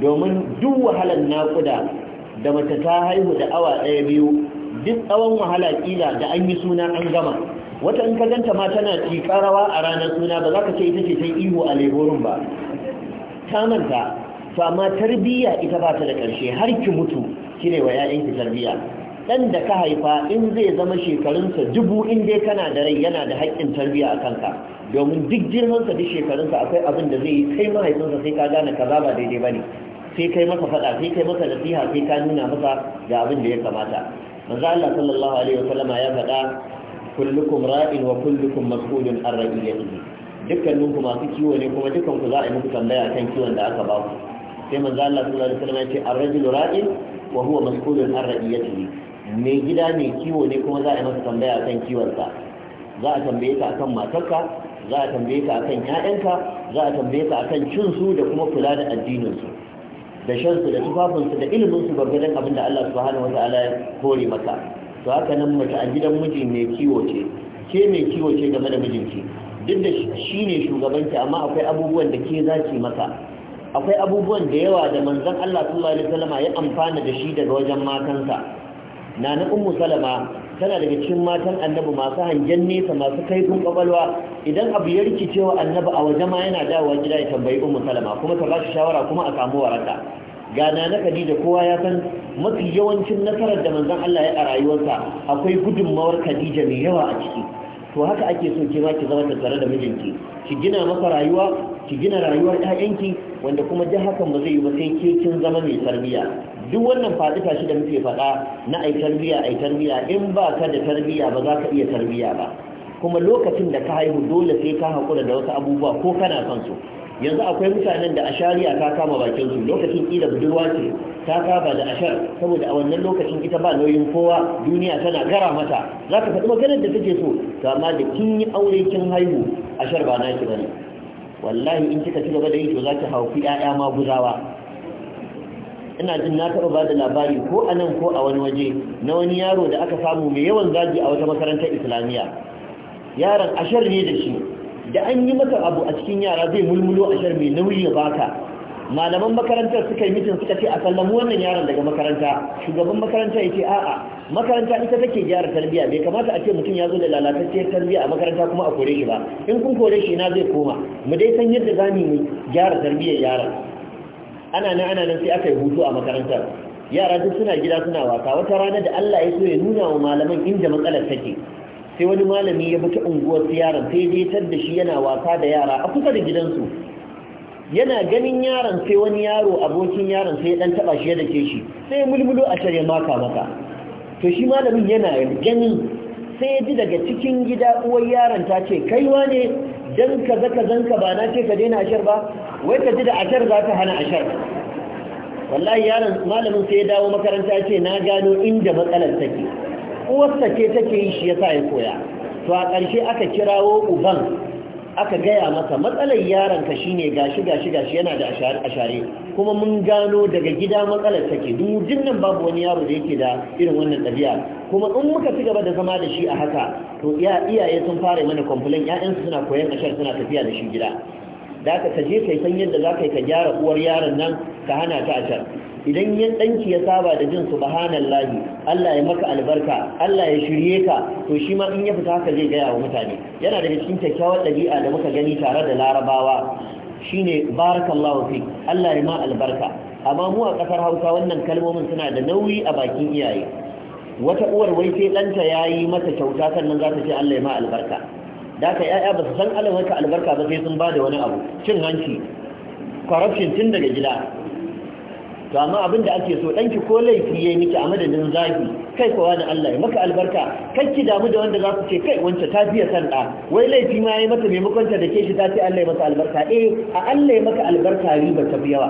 domin duk wahalar nakuda da mace ta haihu da awa ɗaya biyu duk tsawon wahala kila da an yi suna an gama wata in ka ganta ma tana ƙarawa a ranar suna ba za ka ce ita ce ta ihu a legorin ba ta manta to amma tarbiyya ita ba ta da ƙarshe har ki mutu ne wa 'ya'yanki tarbiyya dan da ka haifa in zai zama shekarunsa dubu in dai kana da rai yana da haƙƙin tarbiya a kanka domin duk girmansa duk shekarunsa akwai abin da zai yi kai mahaifinsa sai ka gane kaza ba daidai ba ne sai kai masa faɗa sai kai masa nasiha sai ka nuna masa ga abin da ya kamata manzo Allah sallallahu alaihi wasallama ya faɗa kullukum ra'in wa kullukum mas'ulun an ra'iyatihi dukkaninku masu kiwo ne kuma ku za a yi muku tambaya kan kiwon da aka ba ku sai manzo Allah sallallahu alaihi wasallam ya ce ar-rajulu ra'in wa huwa mas'ulun an ra'iyatihi mai gida mai kiwo ne kuma za a yi masa tambaya akan kiwonsa za a tambaye ka akan matarka za a tambaye ka akan 'ya'yanka. za a tambaye ka akan cin su da kuma kula da addininsu. su da shan su da tufafin su da ilimin su gwargwadon abin da Allah subhanahu wataala ya kore maka to haka nan mace a gidan miji mai kiwo ce ke mai kiwo ce game da mijinki duk da shi ne shugabanki amma akwai abubuwan da ke zaki maka akwai abubuwan da yawa da manzon Allah sallallahu alaihi wasallama ya amfana da shi daga wajen matansa na na ummu salama tana daga cikin matan annabi masu hangen nesa masu kaifin kwakwalwa idan abu ya rikicewa annabi a waje ma yana dawowa gida ya tambayi ummu salama kuma ta bashi shawara kuma a samu waraka ga na Khadija kowa ya san mafi yawancin nasarar da manzon Allah ya a rayuwarsa akwai gudunmawar Khadija mai yawa a ciki to haka ake so ke ma ki zama ta tattare da mijinki ki gina masa rayuwa ki gina rayuwar ƴaƴanki wanda kuma ji hakan ba zai yi ba sai ke kin zama mai tarbiyya? duk wannan faɗi tashi da muke faɗa na ai tarbiya ai tarbiya in ba ka da tarbiyya ba za ka iya tarbiyya ba kuma lokacin da ka haihu dole sai ka haƙura da wasu abubuwa ko kana son su yanzu akwai mutanen da ashariya ta kama bakinsu lokacin ƙila budurwa ce ta kaba da ashar saboda a wannan lokacin ita ba nauyin kowa duniya tana gara mata za ka faɗi maganar da take so kama da kin yi aure kin haihu ashar ba naki bane wallahi in kika ci gaba da yi to za ki haufi ƴaƴa ma guzawa ina jin na taɓa ba labari ko a nan ko a wani waje na wani yaro da aka samu mai yawan zagi a wata makarantar islamiyya yaron ashar ne da shi da an yi masa abu a cikin yara zai mulmulo a shar mai nauyi ya baka malaman makarantar suka yi mitin suka ce a sallamu wannan yaron daga makaranta shugaban makaranta ya ce a'a makaranta ita take gyara tarbiyya bai kamata a ce mutum ya zo da lalatacciyar tarbiyya a makaranta kuma a kore shi ba in kun kore shi na zai koma mu dai san yadda za mu gyara tarbiyyar yaron ana nan ana nan sai aka yi hutu a makarantar yara duk suna gida suna wasa wata rana da Allah ya so ya nuna wa malaman inda matsalar take sai wani malami ya bi ta unguwar yaron sai je da shi yana wasa da yara a kusa da gidansu yana ganin yaron sai wani yaro abokin yaron sai ya dan taba shi ya dake shi sai mulmulo a tare maka maka to shi malamin yana ganin sai ya ji daga cikin gida uwar yaron ta ce kai wane dan kaza ba na ce ka daina ashar ba wai ka ji da ashar za ta hana ashar wallahi yaron malamin sai ya dawo makaranta ya ce na gano inda matsalar take uwarsa ce take yi shi yasa ya koya to a ƙarshe aka kirawo uban aka gaya masa matsalar yaranka shine gashi gashi gashi yana da ashare kuma mun gano daga gida matsalar take duk nan babu wani yaro da yake da irin wannan ɗabi'a kuma in muka ci gaba da zama da shi a haka to iyaye sun fara mana complain ƴaƴansu suna koyon ashar suna tafiya da shi gida da aka kaje kai san yadda za ka yi ka gyara uwar yaron nan ka hana ta can idan yan danki ya saba da jin subhanallahi Allah ya maka albarka Allah ya shirye ka to shi ma in ya fita haka zai gaya wa mutane yana daga cikin kyakkyawar dabi'a da muka gani tare da larabawa shine barakallahu fi Allah ya ma albarka amma mu a kasar Hausa wannan kalmomin suna da nauyi a bakin iyaye wata uwar wai sai danta yayi mata kyauta sannan za ta ce Allah ya ma albarka da ka yaya ba su san Allah albarka ba sai sun bada wani abu cin hanci corruption tun daga gida to amma abin da ake so danki ko laifi yayi miki a madadin zagi kai kowa da Allah ya maka albarka ki damu da wanda zaku ce kai wance ta biya san da wai laifi ma yayi mata maimakon da ke shi ta ce Allah ya maka albarka eh a Allah ya maka albarka riba ta fi yawa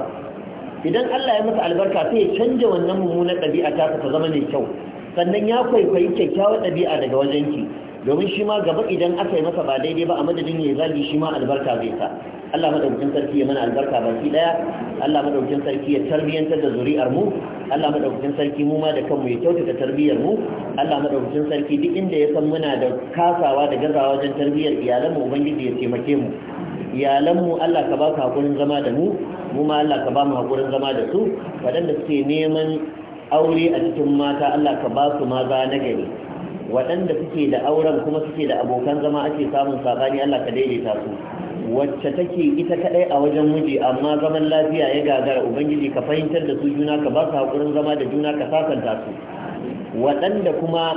idan Allah ya maka albarka sai ya canja wannan mummunar ɗabi'a ta ta zama ne kyau sannan ya kwaikwayi kyakkyawar ɗabi'a daga wajenki domin shi ma gaba idan aka yi masa ba daidai ba a madadin ya zagi shi ma albarka zai sa Allah madaukin sarki ya mana albarka baki daya Allah madaukin sarki ya tarbiyantar da zuri'ar mu Allah madaukin sarki mu ma da kanmu ya kyautata tarbiyar mu Allah madaukin sarki duk inda ya san muna da kasawa da gazawa wajen tarbiyyar iyalan mu ubangiji ya taimake mu iyalan mu Allah ka ba ka hakurin zama da mu mu ma Allah ka ba mu hakurin zama da su waɗanda suke neman aure a cikin mata Allah ka ba su maza na gari waɗanda suke da auren kuma suke da abokan zama ake samun sabani Allah ka daidaita su wacce take ita kadai a wajen miji amma zaman lafiya ya gagara ubangiji ka fahimtar da su juna ka ba su hakurin zama da juna ka sasanta su waɗanda kuma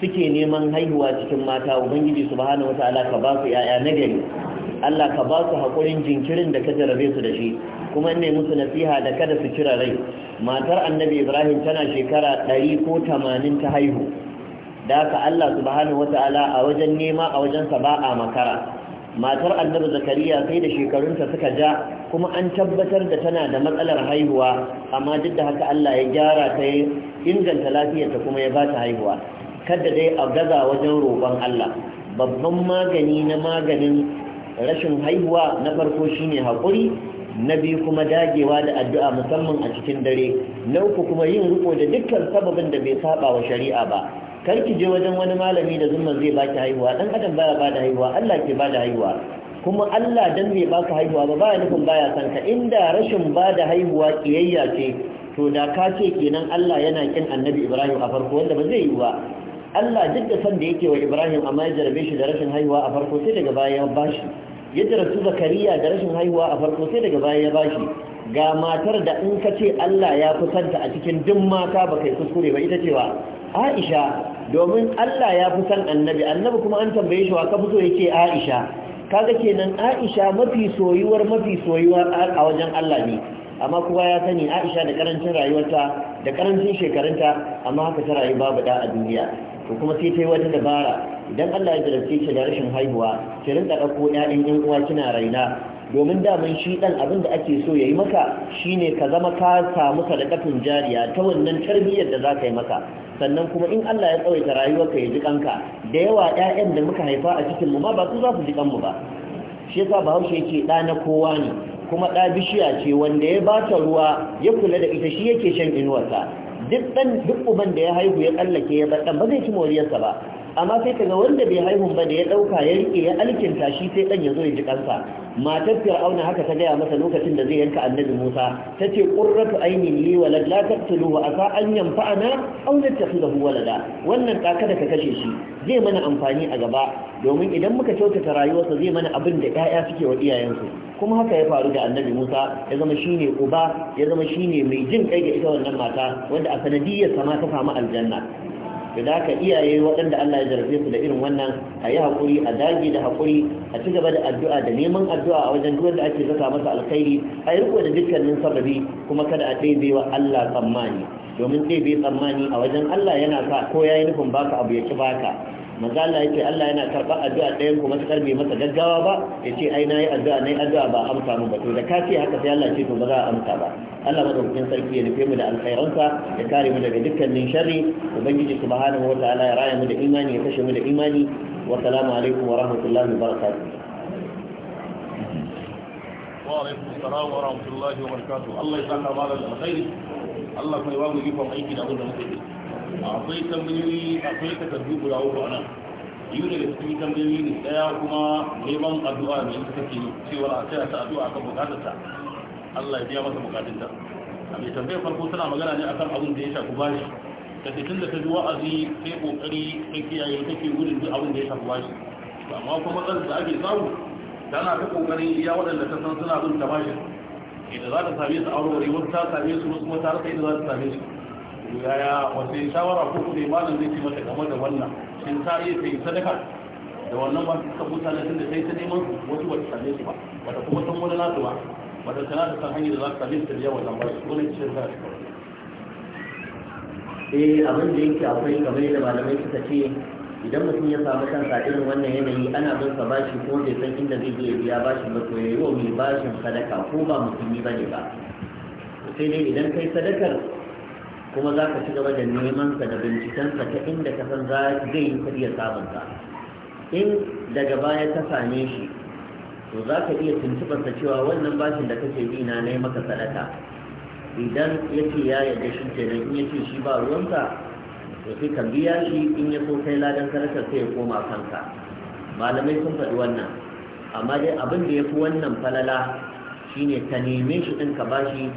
suke neman haihuwa cikin mata ubangiji subhanahu wataala ka ba su yaya nagari. Allah ka ba su hakurin jinkirin da ka jarabe su da shi kuma ne musu nasiha da kada su kira rai matar annabi ibrahim tana shekara ɗari ko tamanin ta haihu da haka Allah subhanahu wata'ala a wajen nema a wajen ba a makara matar annabi zakariya sai da shekarunta suka ja kuma an tabbatar da tana da matsalar haihuwa amma duk da haka Allah ya gyara ta ya inganta lafiyarta kuma ya ba ta haihuwa kada dai a gaza wajen roƙon Allah babban magani na maganin rashin haihuwa na farko shine haƙuri na biyu kuma dagewa da addu'a musamman a cikin dare na uku kuma yin riko da dukkan sababin da bai saba wa shari'a ba kar ki je wajen wani malami da zumma zai baki haihuwa dan adam baya bada haihuwa Allah ke bada haihuwa kuma Allah dan bai baka haihuwa ba baya nufin baya san ka inda rashin bada haihuwa kiyayya ce to da ka ce kenan Allah yana kin Annabi Ibrahim a farko wanda ba zai yi ba Allah duk da san da yake wa Ibrahim amma ya jarabe shi da rashin haihuwa a farko sai daga baya ya bashi ya jarasu Zakariya da rashin haihuwa a farko sai daga baya ya bashi ga matar da in ka ce Allah ya kusanta a cikin duk mata ba kai kuskure ba ita cewa aisha domin allah ya fi san annabi annabi kuma an tambaye shi wa ka fito yake aisha kaga kenan aisha mafi soyuwar mafi soyuwar a wajen allah ne amma kowa ya sani aisha da karancin rayuwarta da karancin shekarunta amma haka ta rayu babu da a duniya to kuma sai ta yi wata dabara idan allah ya jarabce ki da rashin haihuwa ki rinka dauko 'ya'yan yan uwa kina raina domin daman shi ɗan abin da ake so ya yi maka shi ne ka zama ka samu sadakatun jariya ta wannan tarbiyyar da za ka yi maka sannan kuma in Allah ya tsawaita rayuwarka ya ji kanka da yawa 'ya'yan da muka haifa a cikin mu ma ba su za su ji kanmu ba shi yasa Bahaushe yake ɗa na kowa ne kuma ɗa bishiya ce wanda ya ba ta ruwa ya kula da ita shi yake shan inuwarsa duk ɗan duk uban da ya haihu ya tsallake ya ba ɗan ba zai ci moriyarsa ba amma sai kaga wanda bai haihun ba da ya dauka ya rike ya alkinta shi sai dan yazo ya ji kansa matar fir'auna haka ta gaya masa lokacin da zai yanka annabi Musa ta tace qurratu aynin li walad la taqtuluhu asa an yanfa'ana aw nattakhidahu walada wannan kaka da ka kashe shi zai mana amfani a gaba domin idan muka kyautata rayuwarsa zai mana abin da ƴaƴa suke wa iyayensu kuma haka ya faru da annabi Musa ya zama shine uba ya zama shine mai jin kai ga ita wannan mata wanda a sanadiyyar sama ta samu aljanna to da haka iyaye waɗanda Allah ya jarabe su da irin wannan a yi haƙuri a dage da haƙuri a ci gaba da addu'a da neman addu'a a wajen duk da ake zaka masa alkhairi a yi riko da dukkanin sababi kuma kada a ɗebe wa Allah tsammani domin ɗebe tsammani a wajen Allah yana sa ko ya yi nufin baka abu ya ci baka manzo Allah yace Allah yana karba addu'a ɗayan ku matakar bai masa gaggawa ba ya ce ai na yi addu'a nayi addu'a ba amsa mu ba to da kace haka sai Allah ce to ba za a amsa ba Allah madaukakin sarki ya nufe mu da alkhairansa ya kare mu daga dukkanin sharri ubangiji subhanahu wa ta'ala ya raya mu da imani ya kashe mu da imani wa salamu alaikum wa rahmatullahi wa barakatuh wa alaikum assalam wa rahmatullahi wa barakatuh Allah ya saka malam alkhairi Allah kuma ya ba mu ikon aiki da abin da muke yi akwai tambayoyi akwai takardu guda uku a nan biyu daga cikin tambayoyi ne daya kuma neman addu'a ne ita take cewa a tsaya ta addu'a akan ta. Allah ya biya masa bukatunta a mai tambayar farko tana magana ne akan abin da ya shafi bashi ta tun da ta ji wa'azi sai kokari ta kiyaye ta ke gudun duk abin da ya shafi bashi amma kuma matsalar da ake samu tana ta kokarin iya waɗanda ta san suna bin ta bashi idan za ta same su aurore wasu ta same su wasu kuma ta rasa idan za ta same su yaya wasu yin shawara ko kuma malam zai ce mata game da wannan shin ta iya sai sadaka da wannan ba ta mutane tun da sai ta neman wasu wata same su ba wata kuma san wani nasu ba wata sana da san hanyar da za ta same su da yawa nan ba su wani cikin ta eh abin da yake akwai kamar da malamai suka ce idan mutum ya samu kansa irin wannan yanayi ana bin sa bashi ko bai san inda zai je biya bashi ba to yayi wa mai bashin sadaka ko ba ba bane ba sai dai idan kai sadakar kuma za ka ci gaba da neman sa da binciken sa ta inda ka san zai yi kudi ya samun in daga baya ka same shi to za ka iya tuntuɓar sa cewa wannan bashin da kake bi na nai maka sadaka idan yace ya yarda shi kenan in ce shi ba ruwansa to sai ka biya shi in ya so kai ladan sadaka sai ya koma kanka malamai sun faɗi wannan amma dai abin da ya fi wannan falala shine ka neme shi ɗin ka bashi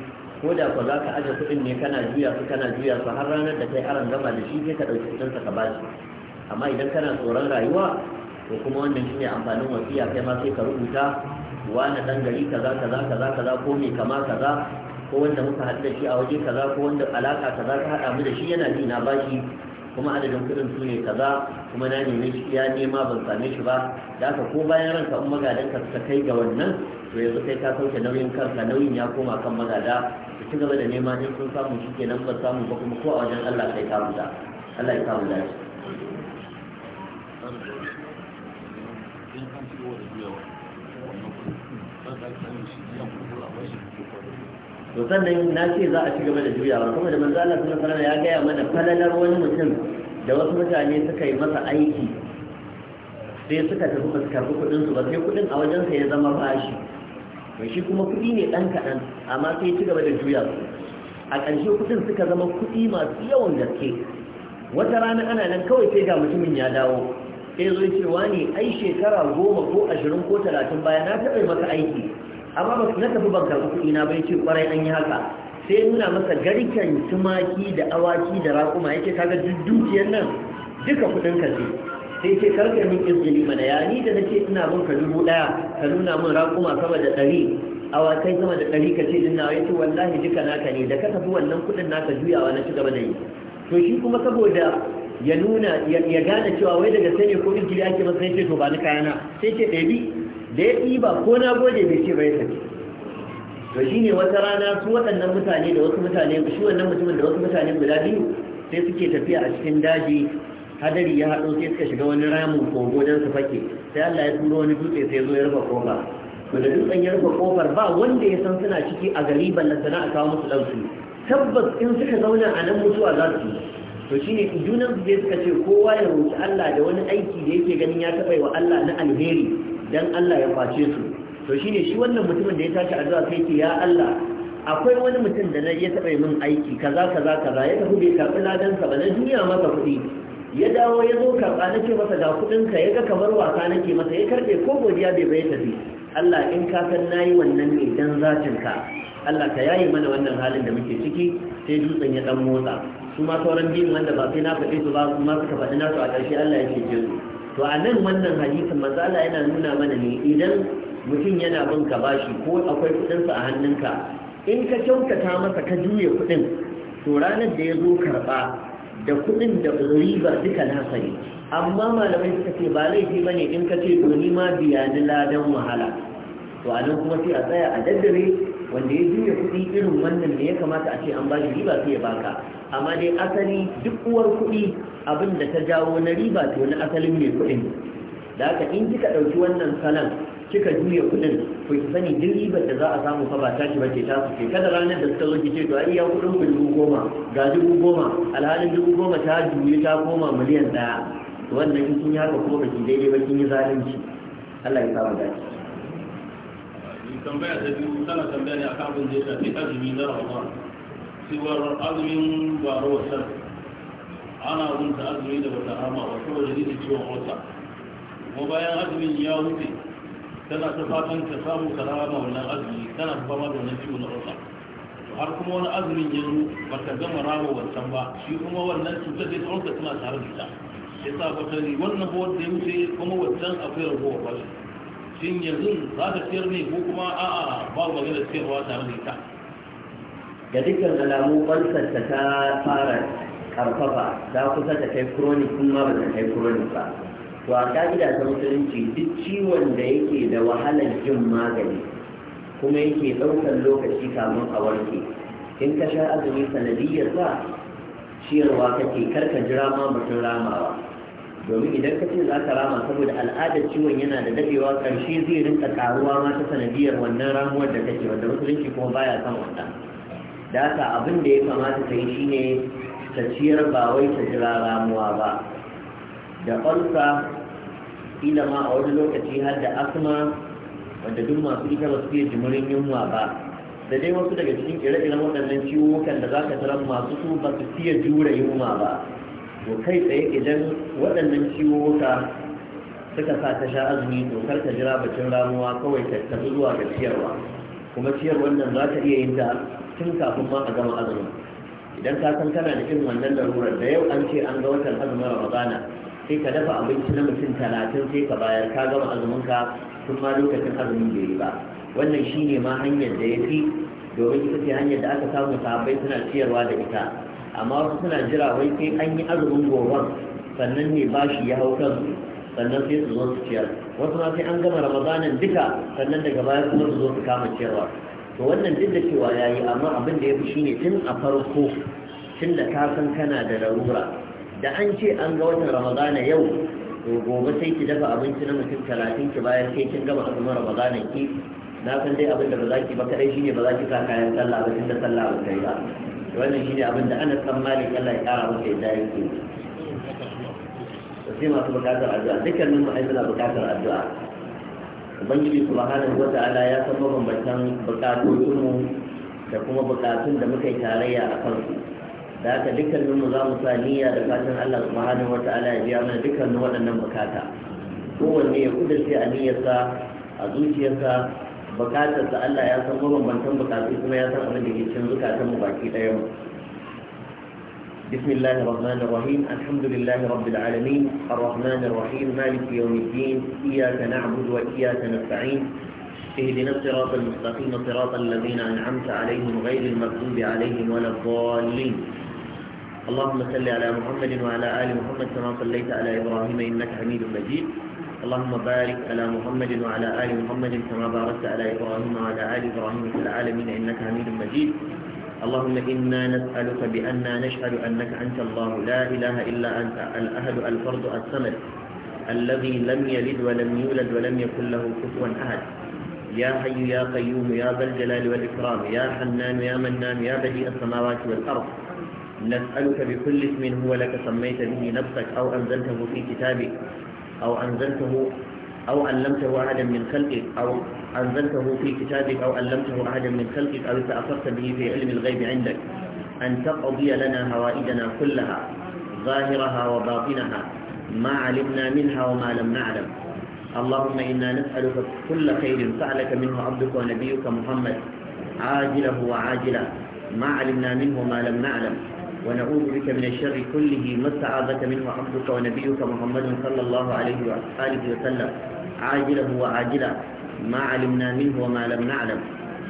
ko da ko za ka aje kuɗin ne kana juya su kana juya su har ranar da kai aran gama da shi sai ka ɗauki kuɗin ka shi amma idan kana tsoron rayuwa to kuma wannan ne amfanin wasiya kai ma sai ka rubuta wani ɗan gari kaza kaza kaza kaza ko mai kama kaza ko wanda muka haɗu da shi a waje kaza ko wanda alaka kaza ka haɗa mu da shi yana ji na bashi kuma adadin kuɗin su ne kaza kuma na nemi shi ya nema ban same shi ba da haka ko bayan ranka in magadan ka suka kai ga wannan to yanzu kai ka sauke nauyin kanka nauyin ya koma kan magada cikin gaba da nema ne sun samu shi kenan ba samu ba kuma ko a wajen Allah kai samu da Allah ya samu da shi to sannan na ce za a ci gaba da juyawa kuma da manzo Allah sallallahu alaihi ya gaya mana falalar wani mutum da wasu mutane suka yi masa aiki sai suka tafi ba su karbi su ba sai kuɗin a wajensa ya zama bashi to shi kuma kuɗi ne dan kaɗan amma sai ci gaba da juya su a ƙarshe kuɗin suka zama kuɗi masu yawan gaske wata rana ana nan kawai sai ga mutumin ya dawo sai zo ce wani ai shekara goma ko ashirin ko talatin baya na taɓa maka aiki amma ba na tafi ban karɓi kuɗi na bai ce ƙwarai an yi haka sai nuna masa garken tumaki da awaki da raƙuma yake kaga duk dukiyar nan duka kuɗin ka sai ce karka min izini mana ya ni da nake ina bin ka dubu daya ka nuna min raƙuma sama da ɗari awakai sama da ɗari ka ce dinna ya ce wallahi duka naka ne da ka tafi wannan kuɗin naka juyawa na ci gaba da yi to shi kuma saboda ya nuna ya gane cewa wai daga sai ne ko izini ake masa sai ce to ba ni kayana sai ce ɗabi da ya ɗiba ko na gode bai ce bai sake to shi ne wata rana su waɗannan mutane da wasu mutane shi wannan mutumin da wasu mutane guda biyu sai suke tafiya a cikin daji hadari ya haɗo sai suka shiga wani ramin kogo don su fake sai Allah ya turo wani dutse sai zo ya rufe kofa to dutsen ya rufe kofar ba wanda ya san suna ciki a gari ballan sana a kawo musu dauki. tabbas in suka zauna a nan mutuwa za su to shine junan su sai suka ce kowa ya roƙi Allah da wani aiki da yake ganin ya taɓa wa Allah na alheri dan Allah ya kwace su to shine shi wannan mutumin da ya tashi addu'a sai ce ya Allah akwai wani mutum da na ya taɓa min aiki kaza kaza kaza ya tafi bai karɓi ladansa ba na duniya masa kuɗi ya dawo ya zo karɓa nake masa ga kuɗinka ya ga kamar wasa nake masa ya karɓe ko godiya bai bai tafi Allah in ka san nayi wannan ne dan ka Allah ka yayi mana wannan halin da muke ciki sai dutsen ya dan motsa su ma sauran biyun wanda ba sai na faɗe su ba su ma suka faɗi nasu a ƙarshe Allah ya cece su to a nan wannan hadisin manzo Allah yana nuna mana ne idan mutum yana bin ka bashi ko akwai kuɗinsa a hannunka in ka kyautata masa ka juye kuɗin to ranar da ya zo karɓa da kuɗin da riba duka nasa ne amma malamai suka ce ba laifi ba ne in ka ce to ma biya ni ladan wahala to a nan kuma sai a tsaya a daddare wanda ya juya kuɗi irin wannan ne ya kamata a ce an ba shi riba sai ya baka amma dai asali duk uwar kuɗi abin da ta jawo na riba to na asalin mai kuɗin da haka in kika ɗauki wannan salan kika juya kudin to sani duk ribar da za a samu fa ba ta ba bace ta su ce kada ranar da suka zo ki ce to ai ya kuɗin ku dubu goma ga dubu goma alhalin dubu goma ta juye ta koma miliyan ɗaya to wannan in kin yi haka kuma ba ki daidai ba kin yi zalunci Allah ya samu dace. tambaya ta biyu tana tambaya ne akan abin da ya shafi azumi na Ramadan cewar azumin baro wasan ana runta azumi da wata hama wato wajen da ciwon wata kuma bayan azumin ya wuce tana ta fatan ka samu ka rama wannan azumi tana ta fama da wannan ciwon na rosa har kuma wani azumin ya zo ba ta gama rama wancan ba shi kuma wannan cutar da ta tana tare da ita ya sa ba ta wannan ba wanda ya wuce kuma wancan akwai ragowa ba shi shin yanzu za ta siyar ne ko kuma a'a ba magana siyarwa tare da ita ga dukkan alamu kwansar ta fara karfafa ta kusa ta kai chronic kuma ba ta kai chronic ba to a ka'ida ta musulunci duk ciwon da yake da wahalar jin magani kuma yake ɗaukar lokaci kamun a warke in ka sha azumi sanadiyyar sa ciyarwa kake karka jira ma mutum ramawa domin idan ka ce za ka rama saboda al'adar ciwon yana da daɗewa ƙarshe zai rinka karuwa ma ta sanadiyar wannan ramuwar da kake wanda musulunci kuma baya son wanda, da haka abin da ya kamata ta yi shine ta ciyar ba wai ta jira ramuwa ba da ƙwansa kila ma a wani lokaci har da asma wanda duk masu ita ba su iya jimurin yunwa ba da dai wasu daga cikin ire-iren waɗannan ciwukan da za ka tarar masu su ba su iya jure yunwa ba to kai tsaye idan waɗannan ciwuka suka sa ta sha azumi dokar ta jira bacin ramuwa kawai ta tafi zuwa ga ciyarwa kuma ciyar wannan za ta iya yin ta tun kafin ma a gama azumi idan ka san kana da irin wannan larurar da yau an ce an ga watan azumin ramadana sai ka dafa abinci na mutum talatin sai ka bayar ka gama azuminka sun ma lokacin azumin bai yi ba wannan shine ma hanyar da ya fi domin ita ce hanyar da aka samu sahabbai suna ciyarwa da ita amma wasu suna jira wai sai an yi azumin goron sannan ne bashi ya hau kan sannan sai su zo su ciyar wasu ma sai an gama ramadanin duka sannan daga baya kuma su zo su kama ciyarwa to wannan duk da cewa yi amma abin da ya fi shine tun a farko tun da ka san kana da larura da an ce an ga watan ramadana yau to gobe sai ki dafa abinci na mutum talatin ki bayar sai kin gama azumin ramadana ki na san dai abin da ba za ki ba kadai shine ba za ki sa kayan sallah ba tunda sallah ba kai ba wannan shine abin da ana san malik Allah ya kara maka yadda yake sai masu bukatar addu'a dukkanin mu ai muna bukatar addu'a ubangiji subhanahu wata'ala ya san mabambantan bukatun mu da kuma bukatun da muka yi tarayya a kansu da haka dukkanin mu za mu sa niyya da fatan Allah subhanahu wa ta'ala ya biya mana dukkanin waɗannan bukata kowanne ya kudurce a niyyarsa a zuciyarsa bukatarsa Allah ya san mabambantan bukatu kuma ya san abin da ke cikin zukatan mu baki ɗaya mu بسم الله الرحمن الرحيم الحمد لله رب العالمين الرحمن الرحيم مالك يوم الدين إياك نعبد وإياك نستعين اهدنا الصراط المستقيم صراط الذين أنعمت عليهم غير المغضوب عليهم ولا الضالين اللهم صل على محمد وعلى آل محمد كما صليت على إبراهيم إنك حميد مجيد اللهم بارك على محمد وعلى آل محمد كما باركت على إبراهيم وعلى آل إبراهيم في العالمين إنك حميد مجيد اللهم إنا نسألك بأننا نشهد أنك أنت الله لا إله إلا أنت الأهد الفرد الصمد الذي لم يلد ولم يولد ولم يكن له كفوا أحد يا حي يا قيوم يا ذا الجلال والإكرام يا حنان يا منان يا بديع السماوات والأرض نسألك بكل اسم هو لك سميت به نفسك أو أنزلته في كتابك أو أنزلته أو علمته أحدا من خلقك أو أنزلته في كتابك أو علمته أحدا من خلقك أو تأثرت به في علم الغيب عندك أن تقضي لنا هوائجنا كلها ظاهرها وباطنها ما علمنا منها وما لم نعلم اللهم إنا نسألك كل خير فعلك منه عبدك ونبيك محمد عاجله وعاجله ما علمنا منه ما لم نعلم ونعوذ بك من الشر كله ما استعاذك منه عبدك ونبيك محمد صلى الله عليه وآله وسلم عاجله وعاجله ما علمنا منه وما لم نعلم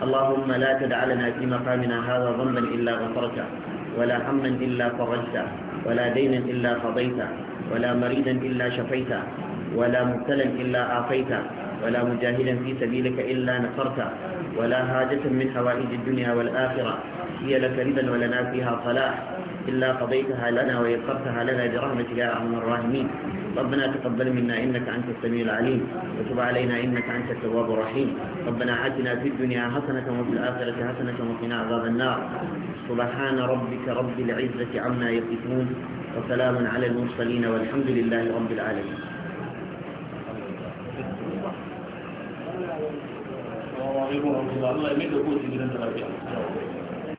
اللهم لا تدع لنا في مقامنا هذا ذنبا إلا غفرته ولا هما إلا فرجته ولا دينا إلا قضيته ولا مريدا إلا شفيته ولا مبتلا إلا عافيته ولا مجاهدا في سبيلك إلا نصرت ولا هاجة من حوائج الدنيا والآخرة هي لك ربا ولنا فيها صلاح إلا قضيتها لنا ويسرتها لنا برحمتك يا أرحم الراحمين ربنا تقبل منا إنك أنت السميع العليم وتب علينا إنك أنت التواب الرحيم ربنا آتنا في الدنيا حسنة وفي الآخرة حسنة وقنا عذاب النار سبحان ربك رب العزة عما يصفون وسلام على المرسلين والحمد لله رب العالمين Allah ya mai da kowace gidan da lafiya.